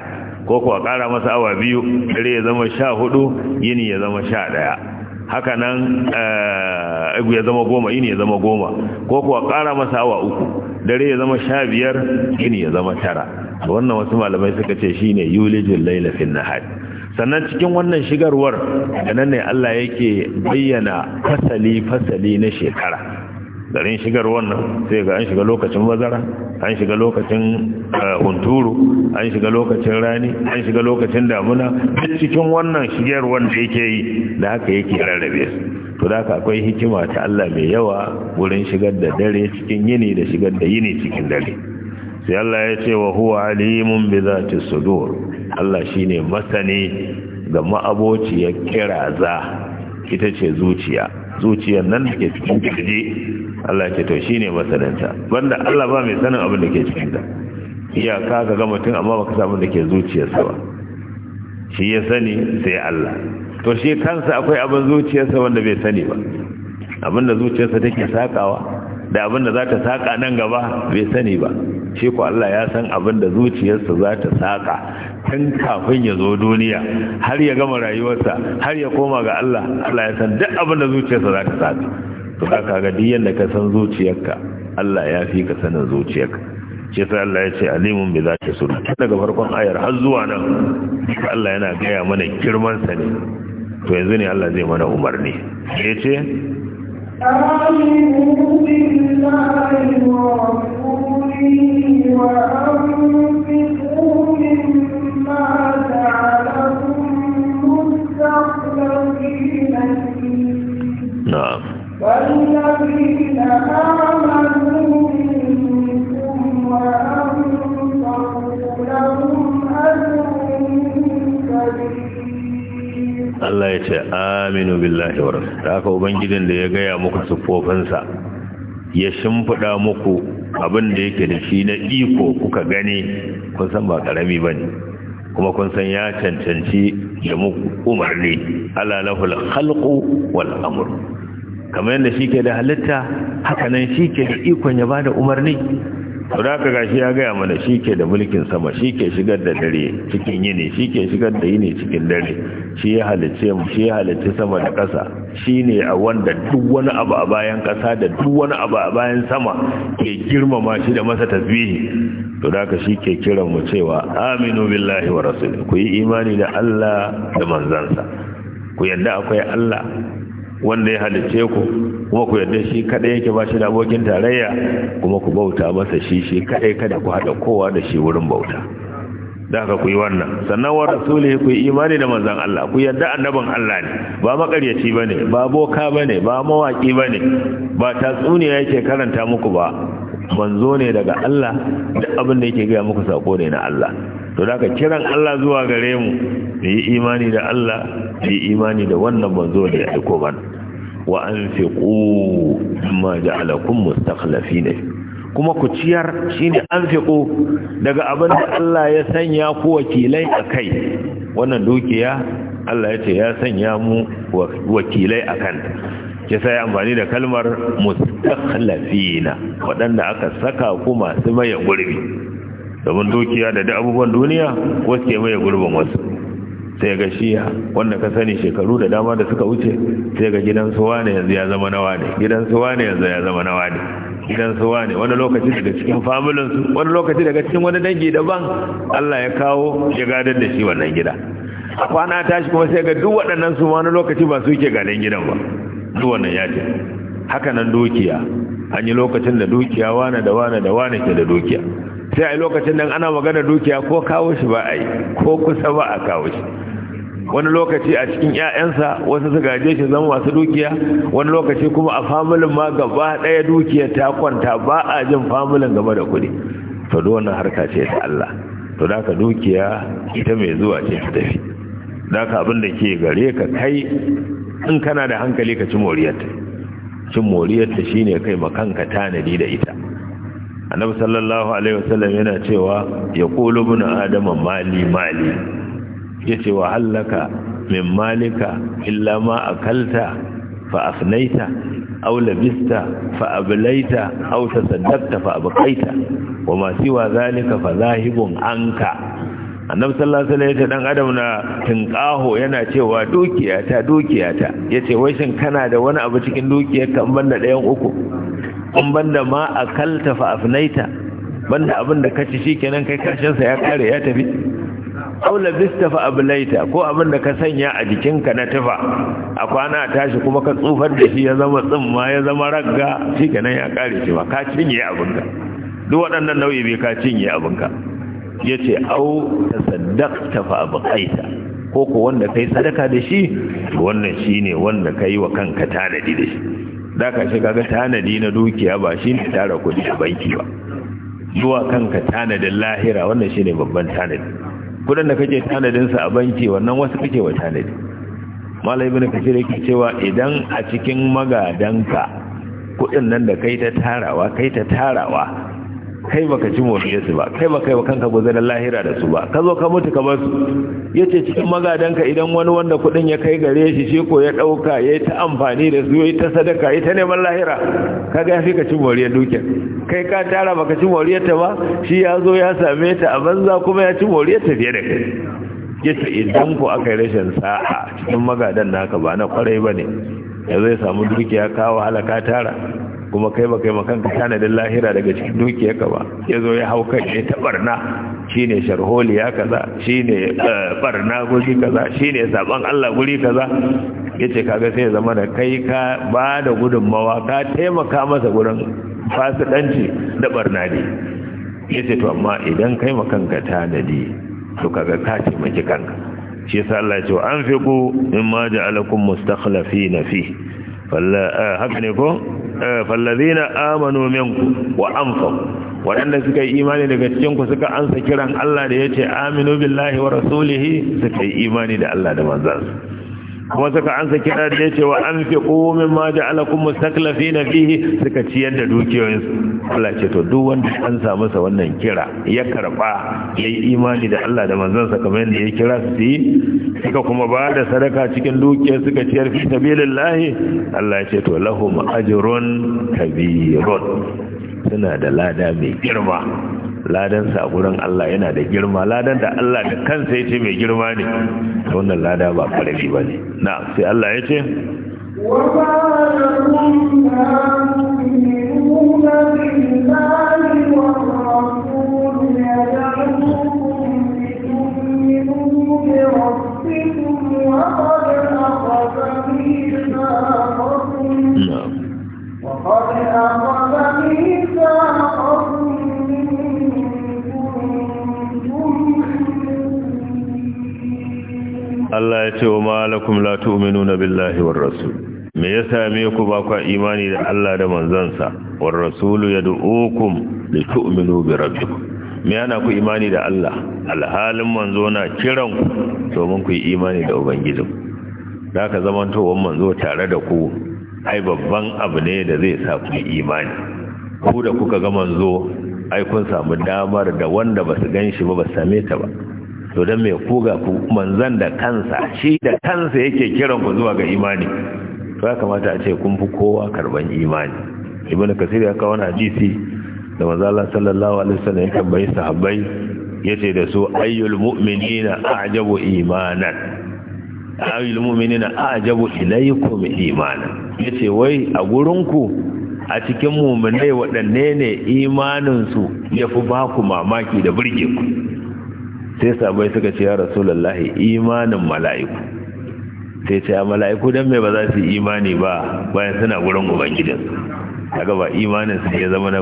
ko kuwa kara masa awa biyu dare ya zama sha hudu yini ya zama sha ɗaya haka nan eh, ya zama goma ini ya zama goma ko kuwa ƙara masa awa uku dare ya zama sha biyar ini ya zama tara wannan wasu malamai suka ce shi shine yulijin lailafin na hajji sannan cikin wannan shigarwar da nan ne Allah yake bayyana fasali fasali na shekara garin shigar wannan sai ga an shiga lokacin bazara an shiga lokacin eh, hunturu an shiga lokacin rani an shiga lokacin damuna duk cikin wannan shigar wanda yake yi da haka yake rarrabe su to da haka akwai hikima ta Allah mai yawa wurin shigar da dare cikin yini da shigar da yini cikin dare sai Allah ya ce wa huwa alimun bi zati sudur Allah shine masani ga ma'abociyar kiraza ita ce zuciya zuciyar nan da ke cikin kirji Allah ce to shi ne masananta banda Allah ba mai sanin abin da ke cikin da. iyaka ka ga mutum amma ba san abin da ke zuciyarsa ba shi ya sani sai Allah to shi kansa akwai abin zuciyarsa wanda bai sani ba abin da zuciyarsa take sakawa da abin da za ta saka nan gaba bai sani ba shi ko Allah ya san abin da zuciyarsa za ta saka tun kafin ya zo duniya har ya gama rayuwarsa har ya koma ga Allah Allah ya san duk abin da zuciyarsa za ta saka to ka ga duk yanda ka san zuciyarka Allah ya fi ka sanin zuciyarka shi sai Allah ya ce alimun bi zati sudur daga farkon ayar har zuwa nan Allah yana gaya mana girman sa ne to yanzu ne Allah zai mana umarni ya ce Na'am. Allah ya ce, Aminu billahi wa كبير ta haka ubangijin da ya gaya muku sufofinsa, ya shimfiɗa muku abin da yake da shi na iko kuka gani kun san ba ƙarami ba kuma kun san ya cancanci da muku umarni ala lahul khalqu wal amru kamar yadda shi ke da halitta hakanan shi ke da ikon ya ba da umarni da aka gashi ya gaya mana shi ke da mulkin sama shi ke shigar da dare cikin yini shi ke shigar da yini cikin dare shi ya halitta sama da ƙasa shi ne a wanda duk wani abu a bayan ƙasa da duk wani abu a bayan sama ke girmama shi da masa tasbihi to da aka shi ke kiran mu cewa aminu billahi wa rasul ku yi imani da Allah da manzansa ku yadda akwai Allah wanda ya halice ku kuma ku yarda shi kadai yake ba shi da abokin tarayya kuma ku bauta masa shi shi kadai kada ku haɗa kowa da shi wurin bauta da haka ku yi wannan sannan wa rasuli ku yi imani da manzon Allah ku yarda annabin Allah ne ba makaryaci bane ba boka bane ba mawaki bane ba tatsuniya yake karanta muku ba manzo ne daga Allah duk abin da yake ga muku sako ne na Allah to da ka kiran Allah zuwa gare mu yi imani da Allah yi imani da wannan manzo da ya aiko mana wa anfiqu ma ja'alakum mustakhlifina kuma ku ciyar shine anfiqu daga abin da Allah ya sanya ku wakilai akai wannan dukiya Allah ya ce ya sanya mu wakilai akan ya sai amfani da kalmar mustakhlifina wadanda aka saka ku masu maye gurbi domin dukiya da duk abubuwan duniya wasu ke maye gurbin wasu sai ga shi wanda ka sani shekaru da dama da suka wuce sai ga gidan suwa ne yanzu ya zama nawa ne gidan suwa ne yanzu ya zama nawa ne gidan suwa ne wani lokaci daga cikin familin su wani lokaci daga cikin wani dangi daban Allah ya kawo ya gadar da shi wannan gida a kwana tashi kuma sai ga duk waɗannan su wani lokaci ba su ke ganin gidan ba duk wannan ya ce haka nan dukiya an yi lokacin da dukiya wane da wane da wane ke da dukiya sai a lokacin nan ana magana dukiya ko kawo shi ba a yi ko kusa ba a kawo shi wani lokaci a cikin 'ya'yansa wasu su gaje shi zama masu dukiya wani lokaci kuma a familin ma gaba ɗaya dukiya ta kwanta ba a jin familin game da kuɗi to da wannan harka ce ta Allah to da dukiya ita mai zuwa ce ta tafi da ka abin da ke gare ka kai in kana da hankali ka ci moriyarta cin moriyarta shine kai ma kanka tanadi da ita annabi sallallahu alaihi wasallam yana cewa ya ibn adama mali mali yace wa halaka min malika illa ma akalta fa afnaita aw labista fa ablaita aw tasaddaqta fa abqaita wa ma siwa zalika fa zahibun anka annabi sallallahu alaihi wasallam dan adam na tinqaho yana cewa dukiya ta dukiya ta yace wai shin kana da wani abu cikin dukiyar kan banda ɗayan uku in banda ma akalta fa afnaita banda abin da kaci kenan kai kashinsa sa ya kare ya tafi aw bista fa ablaita ko abin da ka sanya a jikinka na tufa a kwana tashi kuma ka tsufar da shi ya zama tsimma ya zama ragga kenan ya kare shi ba ka cinye abinka duk waɗannan nau'i bai ka cinye abinka yace au tasaddaqta fa abqaita ko ko wanda kai sadaka da shi wannan shine wanda kai wa kanka tanadi da shi da ka shi kaga tanadi na dukiya ba shi ne tara kudi a banki ba zuwa kanka tanadin lahira wannan shi ne babban tanadi kudin da kake tanadinsa a banki wannan wasu kake wa tanadi malai bin kasir yake cewa idan a cikin magadanka kudin nan da kai ta tarawa kai ta tarawa kai baka ci moriyarsu ba kai baka yi wa kanka lahira da su ba ka zo ka mutu ka bar su ya ce cikin magadanka idan wani wanda kudin ya kai gare shi shi ko ya ɗauka ya yi ta amfani da su ya ta sadaka ya ta neman lahira ka ga fi ka ci moriyar dukiyar kai ka tara baka ci ta ba shi ya zo ya same ta a banza kuma ya ci ta fiye da kai ya idan ku aka yi rashin sa'a cikin magadan naka ba na kwarai ba ne ya zai samu dukiya kawo halaka tara kuma kai ba kai tana tanadin lahira daga cikin dukiyarka ba ya zo ya hau kai ya tabarna shine sharholiya kaza shine eh, barna guri kaza shine saban Allah guri kaza yace kaga sai zama da kai ka ba da gudunmawa ka taimaka masa gurin fasiɗanci da barna ne yace to amma idan kai tana tanadi to kaga ka taimaki kanka shi yasa Allah ya ce anfiqu mimma ja'alakum mustakhlifina fi falla eh, haka ne ko Eh, fallazina amanu minku wa anfaqu waɗanda suka yi imani daga cikin ku suka ansa kiran Allah da yace aminu billahi wa rasulihi suka yi imani da Allah da manzansa kuma suka ansa kira da ya ce wa an fi komin ma da alakun mustaklafi na fihi suka ciyar da dukiyoyinsu Allah ce to duk wanda an samu sa wannan kira ya karba ya yi imani da Allah da manzansa kamar yadda ya kira su yi suka kuma ba da sadaka cikin dukiya suka ciyar fi sabilillahi Allah ce to lahum ajrun kabirun suna da lada mai girma ladansa a gurin Allah yana da girma ladan da Allah da kansa yace mai girma ne ta wannan lada ba ƙarfi ba ne na sai Allah ya ce Allah ya ce wa malakum la tu'minuna billahi war rasul me ya same ku ba ku imani da Allah da manzansa war rasulu yad'ukum li tu'minu bi rabbikum me yana ku imani da Allah alhalin manzo na kiran ku domin ku imani da ubangijin da ka zamantowar manzo tare da ku ai babban abu ne da zai sa ku imani ku da kuka ga manzo ai kun samu damar da wanda ba su gan ba ba same ta ba to dan mai koga ku manzan da kansa shi da kansa yake kiran ku zuwa ga imani to ya kamata a ce kun fi kowa karban imani ibnu kasir ya kawo hadisi da manzo Allah sallallahu alaihi wasallam ya tambayi sahabbai yace da su ayyul mu'minina a'jabu imanan ayyul mu'minina a'jabu ilaykum imanan yace wai a gurin ku a cikin mu'minai waɗanne ne imanin su yafi ba ku mamaki da burge ku sai sabai suka ce ya rasulullahi imanin mala'iku sai ce a mala'iku don mai ba za su imani ba bayan suna gurin ubangijin daga ba imanin su ya zama na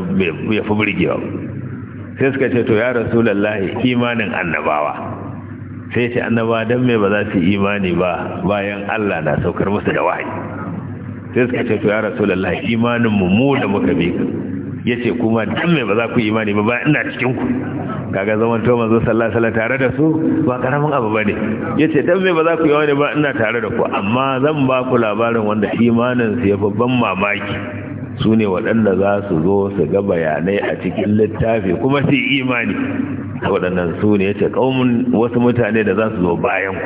ya fi burgewa sai suka ce to ya rasulullahi imanin annabawa sai ce annaba don mai ba za su imani ba bayan Allah na saukar musu da wahayi sai suka ce to ya rasulullahi imanin mu mu da muka bi ya ce kuma dan mai ba za ku imani ba ba ina cikin ku kaga zaman to manzo sallallahu alaihi wasallam tare da su ba karamin abu bane ya ce dan mai ba za ku imani ba ina tare da ku amma zan ba ku labarin wanda imanin su ya babban mamaki su ne waɗanda za su zo su ga bayanai a cikin littafi kuma su imani waɗannan su ne ya ce ƙaumin wasu mutane da za su zo bayan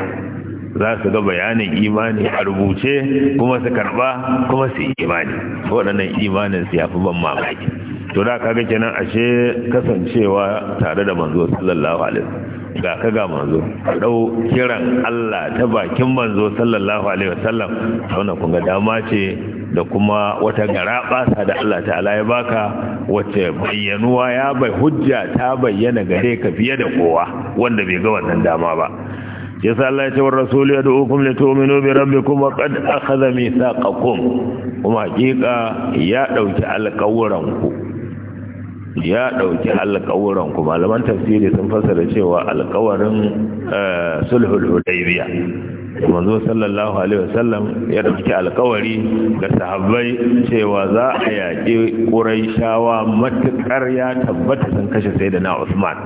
ku za su ga bayanin imani a rubuce kuma su karba kuma su imani waɗannan imanin su ya fi ban mamaki to da kaga kenan ashe kasancewa tare da manzo sallallahu alaihi ga kaga manzo dau kiran Allah ta bakin manzo sallallahu alaihi wasallam wannan kun ga dama ce da kuma wata garaba sa da Allah ta'ala ya baka wacce bayyanuwa ya bai hujja ta bayyana gare ka fiye da kowa wanda bai ga wannan dama ba yasa Allah ya ce wa rasuli ya du'ukum li tu'minu bi rabbikum wa qad akhadha mithaqakum kuma hakika ya dauki alƙawuran ku ya ɗauki alƙawuran kuma malaman tafsiri sun fassara cewa alƙawarin eh, sulhul hudaybiya manzo sallallahu alaihi wasallam ya ɗauki alƙawari ga sahabbai cewa za a yaƙi ƙuraishawa matuƙar ya tabbata sun kashe sayyidina Usman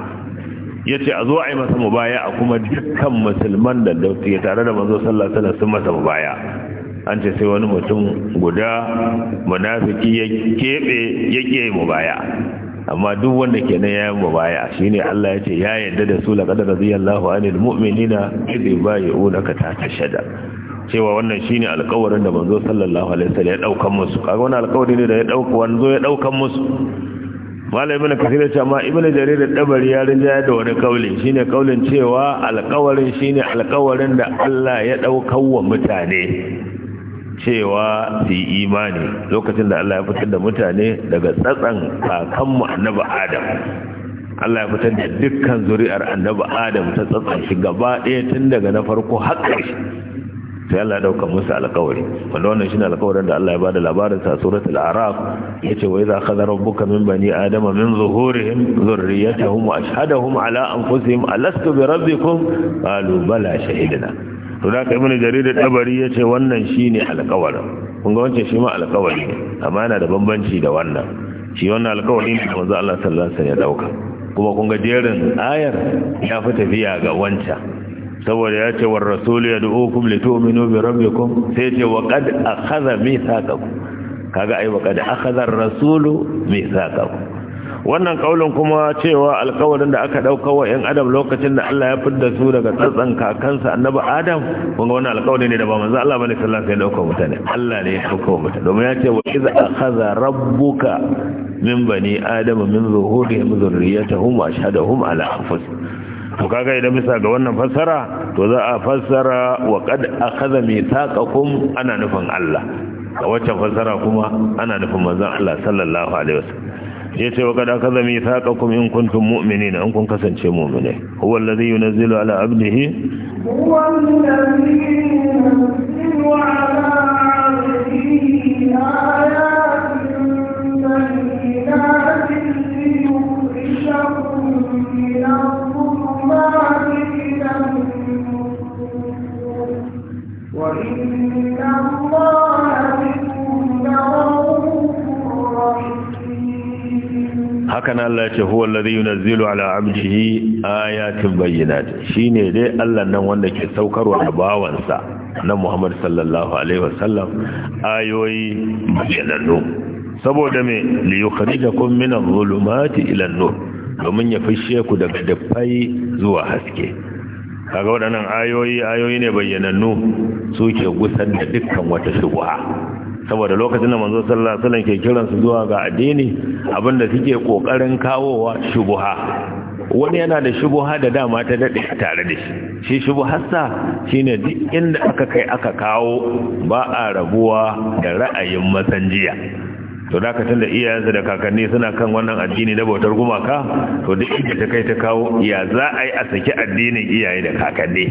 ya ce a zo a yi masa mubaya a kuma dukkan musulman da ke tare da manzo sallallahu alaihi wasallam sun masa mubaya an ce sai wani mutum guda munafiki ya kebe yake mubaya amma duk wanda ke na yayin shi shine Allah ya ce ya yadda da su laqad radiyallahu anil mu'minina idh yubayyi'unaka ta shada cewa wannan shine alƙawarin da manzo sallallahu alaihi wasallam ya daukan musu kaga wannan alƙawari ne da ya dauka wanzo ya daukan musu malai ibn kathir ce amma ibn jarir dabari ya rinja da wani kauli shine kaulin cewa alƙawarin shine alƙawarin da Allah ya daukan wa mutane cewa su imani lokacin da Allah ya fitar da mutane daga tsatsan kakanmu annabi Adam Allah ya fitar da dukkan zuri'ar annabi Adam ta tsatsan shi gaba ɗaya tun daga na farko har ƙarshe sai Allah ya dauka musu alƙawari wanda wannan shine alƙawarin da Allah ya bada labarin sa surat al araf yace wa idza khadha rabbuka min bani adama min zuhurihim dhurriyyatahum wa ashhadahum ala anfusihim alastu bi rabbikum qalu bala shahidna to da ka mini jarir da tabari ya ce wannan shi alƙawarin kun kunga wancan shi ma ne amma yana da bambanci da wannan shi wannan alkawarin ne wanzu Allah sallallahu ya dauka kuma kunga jerin ayar ya fi tafiya ga wancan saboda ya ce war rasul yad'ukum tu'minu bi rabbikum sai ce wa qad akhadha mithaqakum kaga ai wa qad akhadha ar-rasulu mithaqakum wannan kaulin kuma cewa alkawarin da aka dauka wa yan adam lokacin da Allah ya fidda su daga tsatsan kakansa annabi adam kun ga wannan alkawari ne da ba manzo Allah bane sallallahu alaihi wasallam ya dauka mutane Allah ne ya dauka mutane domin ya ce wa iza akhadha rabbuka min bani adam min zuhurihim dhurriyyatahum wa ashhadahum ala anfusihim to kaga idan bisa ga wannan fassara to za a fassara wa qad akhadha mithaqakum ana nufin Allah a waccan fassara kuma ana nufin manzon Allah sallallahu alaihi wasallam ya ce wa kada kaza mai saƙa kuma in kuntum mu'mini na in kun kasance mu'mini huwa allazi yunazzilu ala abdihi huwa allazi yunazzilu ala abdihi ayatin bayyinatin liyukhrijakum min adh-dhulumati ila an-nur wa inna hakan Allah ce huwa alladhi yunzilu ala abdihi ayatin bayyinat shine dai Allah nan wanda ke saukarwa da bawansa na Muhammad sallallahu alaihi wasallam ayoyi bayyanannu saboda me li yukhrijakum min adh-dhulumati ila an-nur domin ya fishe ku daga dafai zuwa haske kaga waɗannan ayoyi ayoyi ne bayyanannu suke gusar da dukkan wata shubha saboda lokacin da manzo sallallahu alaihi wasallam ke kiran su zuwa ga addini abinda suke kokarin kawowa shubuha wani yana da shubuha da dama ta dade tare da shi shi shubuharsa shine duk inda aka kai aka kawo ba a rabuwa da ra'ayin masanjiya to da ka iyayensa da kakanni suna kan wannan addini na bautar gumaka to duk inda ta kai ta kawo ya za a yi a saki addinin iyaye da kakanni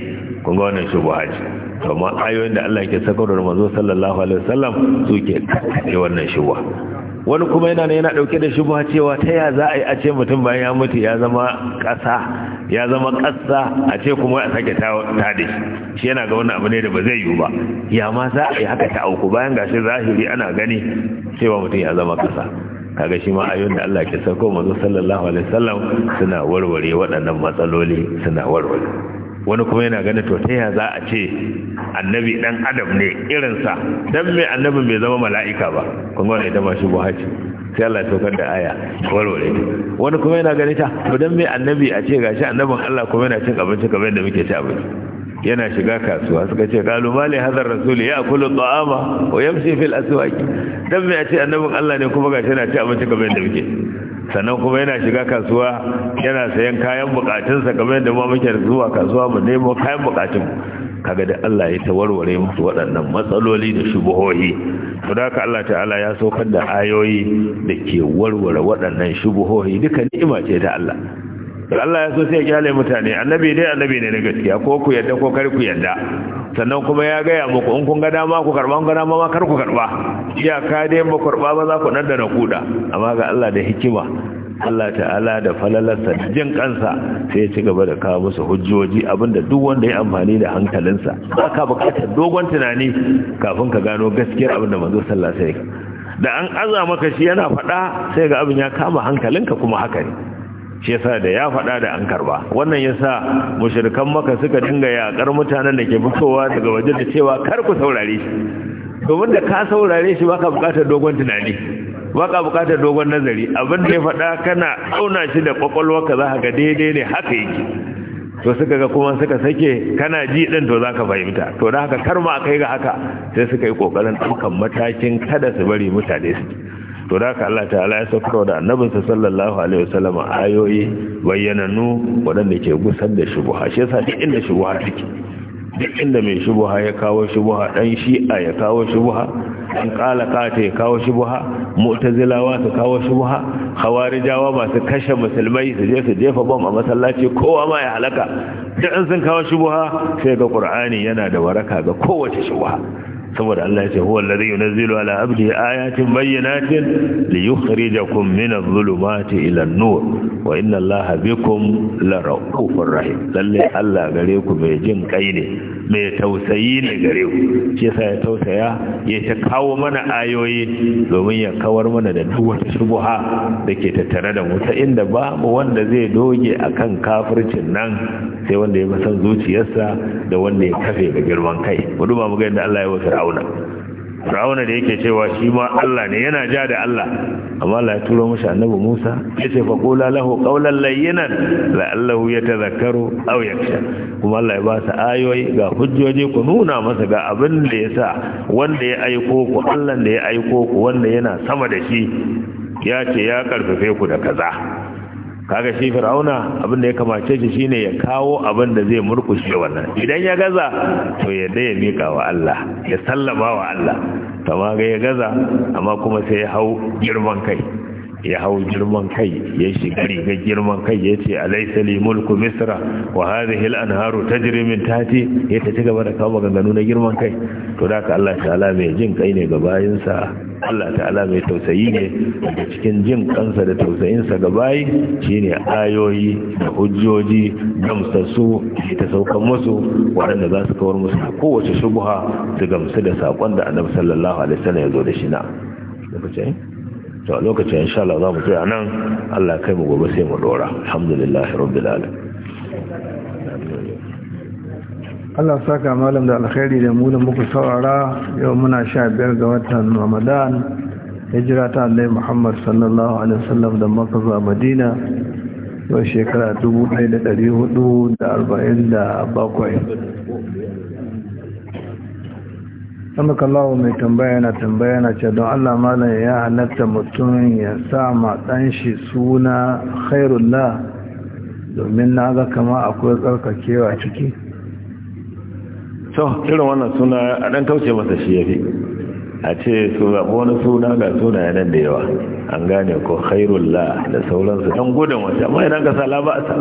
kun ga wannan shubuha haji to amma ayoyin da Allah yake sakaurar manzo sallallahu alaihi wasallam suke kakkace wannan shubuha wani kuma yana ne yana dauke da shi ba cewa ta ya za a yi a ce mutum bayan ya mutu ya zama kasa ya zama kasa a ce kuma a sake ta tade shi yana ga wani abu ne da ba zai yiwu ba ya ma za a yi haka ta auku bayan gashi zahiri ana gani cewa mutum ya zama kasa kaga shi ma ayoyin da Allah ke sauko manzo sallallahu alaihi wasallam suna warware waɗannan matsaloli suna warware wani kuma yana ganin to ta za a ce annabi dan adam ne irinsa dan mai annabin bai zama mala'ika ba Kuma wani ita ma shi buhaci sai Allah saukar da aya warware ta wani kuma yana ganin ta to dan mai annabi a ce gashi annabin Allah kuma yana cin abinci kamar yadda muke ci abinci yana shiga kasuwa suka ce qalu mali hadha ar-rasul ya'kulu at-ta'ama wa yamshi fil aswaq dan mai a ce annabin Allah ne kuma gashi yana ci abinci kamar yadda muke sannan kuma yana shiga kasuwa yana sayan kayan bukatunsa kamar yadda ma muke zuwa kasuwa mu nemo kayan bukatun kaga da Allah ya ta warware musu waɗannan matsaloli da shubuhohi to da Allah ta'ala ya saukar da ayoyi da ke warware waɗannan shubuhohi duka ni'ima ce ta Allah Allah ya so sai ya kyale mutane annabi dai annabi ne na gaskiya ko ku yadda ko kar ku yadda sannan kuma ya gaya muku in kun ga dama ku karba in ga dama ma kar ku karba iyaka dai ba karba ba za ku nan da kuda amma ga Allah da hikima Allah ta'ala da falalarsa da jin kansa sai ya ci gaba da kawo musu hujjoji abinda duk wanda ya amfani da hankalinsa ba ka buƙatar dogon tunani kafin ka gano gaskiyar abinda manzo sallallahu alaihi da an aza maka shi yana faɗa sai ga abin ya kama hankalinka kuma haka ne shi yasa da ya faɗa da an karba wannan yasa mushrikan maka suka dinga yakar mutanen da ke fitowa daga waje da cewa kar ku saurare shi domin da ka saurare shi baka bukatar dogon tunani baka bukatar dogon nazari abin da ya faɗa kana auna shi da kwakwalwarka za ga daidai ne haka yake to suka ga kuma suka sake kana ji din to zaka fahimta to da haka kar ma kai ga haka sai suka yi kokarin dukan matakin kada su bari mutane su to da haka Allah ta'ala ya saukar da annabinsa sallallahu alaihi wasallam ayoyi bayyananu waɗanda ke gusar da shubuha shi yasa duk inda shubuha take duk inda mai shubuha ya kawo shubuha dan shi'a ya kawo shubuha dan qalaqata ya kawo shubuha mu'tazilawa su kawo shubuha khawarijawa masu kashe musulmai su je su jefa bom a masallaci kowa ma ya halaka duk sun kawo shubuha sai ga qur'ani yana da waraka ga kowace shubuha saboda Allah ya ce huwa alladhi yunazzilu ala abdihi ayatin bayyinatin li yukhrijakum min adh-dhulumati ila an-nur wa inna Allaha bikum la rahim lalle Allah gare ku mai jin kai ne mai tausayi ne gare ku shi yasa ya tausaya ya ta kawo mana ayoyi domin ya kawar mana da duk wata shubuha da ke tattare da mu ta inda ba mu wanda zai doge akan kafircin nan sai wanda ya san zuciyarsa da wanda ya kafe da girman kai mu duba mu ga yadda Allah ya wa Fir'auna fir'auna da yake cewa shi ma Allah ne yana ja da Allah amma Allah ya turo masa annabi Musa ya ce fa qula lahu qawlan layyinan la'allahu yatadhakkaru aw yakhsha kuma Allah ya ba sa ayoyi ga hujjoji ku nuna masa ga abin da ya sa wanda ya aiko ku Allah da ya aiko ku wanda yana sama da shi ya ce ya karfafe ku da kaza kaga shi fir'auna abin da ya kamace shi shine ya kawo abin da zai murkushe wannan idan ya gaza to ya da ya mika wa Allah ya sallama wa Allah to ga ya gaza amma kuma sai ya hau girman kai ya hau girman kai ya shiga riga girman kai ya ce alaisa li mulku misra wa hadhihi al-anharu tajri min tahti ya ta ci gaba da kawo maganganu na girman kai to da ka Allah ta'ala mai jin kai ne ga bayinsa Allah ta'ala mai tausayi ne da cikin jin kansa da tausayinsa ga bayi shine ayoyi da hujjoji gamsasu da ta saukan musu waɗanda za su kawar musu kowace shubha su gamsu da saƙon da annabi sallallahu alaihi wasallam ya zo da shi na to lokacin insha Allah za mu tsaya nan Allah kai mu gobe sai mu dora alhamdulillah rabbil alamin Allah saka malam da alkhairi da mu nan muku saurara yau muna sha biyar ga watan Ramadan hijira ta Allah Muhammad sallallahu alaihi wasallam da Makka zuwa Madina wa shekara 1447 samaka lawo mai tambaya na tambaya na ce don allah malam ya halatta mutum ya sa matsan shi suna khairullah domin na ga kama akwai tsarkakewa ciki so irin wannan suna a ɗan kauce masa shi ya fi a ce wani suna ga suna yanar da yawa an gane ko khairullah da sauransu don gudun wasu amma idan ka sa labasa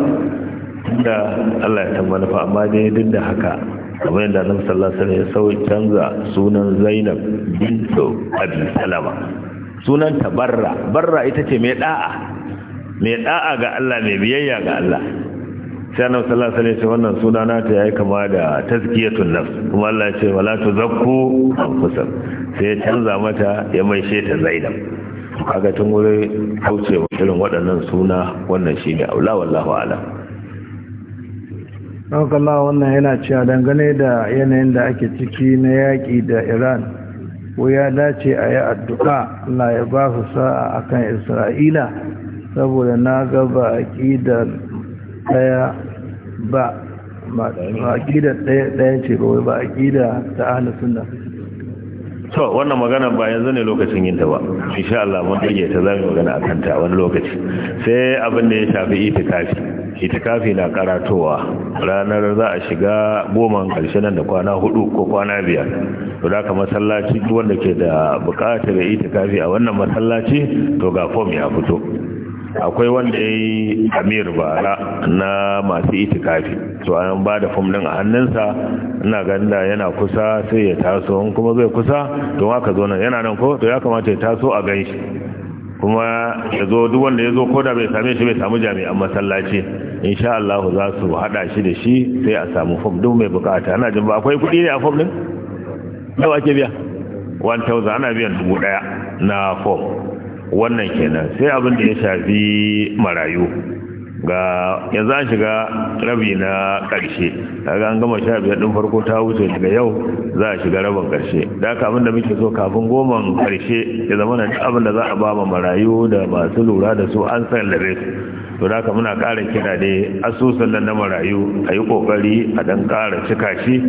da allah ya tambana fa amma ne duk da haka kamar yadda annabi sallallahu alaihi wasallam ya canza sunan Zainab bintu Abi Salama sunan ta barra barra ita ce mai da'a mai da'a ga Allah mai biyayya ga Allah sai annabi sallallahu alaihi wasallam wannan suna na ta yayi kama da tazkiyatun nafs kuma Allah ya ce wala tuzakku anfusakum sai ya canza mata ya maishe ta Zainab kaga tun wurin kaucewa irin waɗannan suna wannan shine aula wallahu a'lam kalla wannan yana cewa dangane da yanayin da ake ciki na yaƙi da iran ko ya dace a yi addu'a na ya ba su sa'a a kan isra'ila saboda na gaba a ƙidar ɗaya ba a ƙidar ɗaya ce ba ba a ƙidar ta ahalar sunna to wannan magana ba yanzu ne lokacin yin ta ba insha Allah mun dage ta zamu magana akan ta wani lokaci sai abin da ya shafi itikafi itikafi na karatowa ranar za a shiga goma karshe nan da kwana hudu ko kwana biyar to da ka masallaci duk wanda ke da bukatar itikafi a wannan masallaci to ga form ya fito akwai wanda ya yi amir bara na masu itikafi to an ba da fom din a hannunsa ina ganda yana kusa sai ya taso in kuma zai kusa to haka zo nan yana nan ko to ya kamata ya taso a gan shi kuma ya zo duk wanda ya zo ko da bai same shi bai samu jami'an masallaci insha Allah za su hada shi da shi sai a samu fom duk mai bukata ana jin ba akwai kuɗi ne a fom din yau ake biya 1000 ana biyan dubu daya na fom wannan kenan sai abin da ya shafi marayu ga yanzu an shiga rabi na ƙarshe daga an gama sha biyar ɗin farko ta wuce daga yau za a shiga rabin ƙarshe da haka abin da muke so kafin goman ƙarshe ya zama na abin da za a ba ma marayu da masu lura da su an sallabe su to da haka muna ƙara kira dai asusun nan na marayu a yi ƙoƙari a dan ƙara cika shi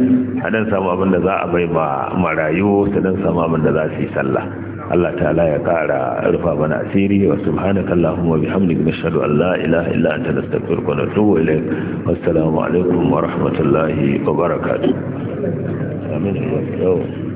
a dan samu abin da za a bai ma marayu su dan samu abin da za su yi sallah Allah ta'ala ya kara rufa bana asiri wa subhanaka allahumma bihamdika nashhadu an la ilaha illa anta nastaghfiruka wa natubu ilayk wassalamu alaikum wa rahmatullahi wa barakatuh amin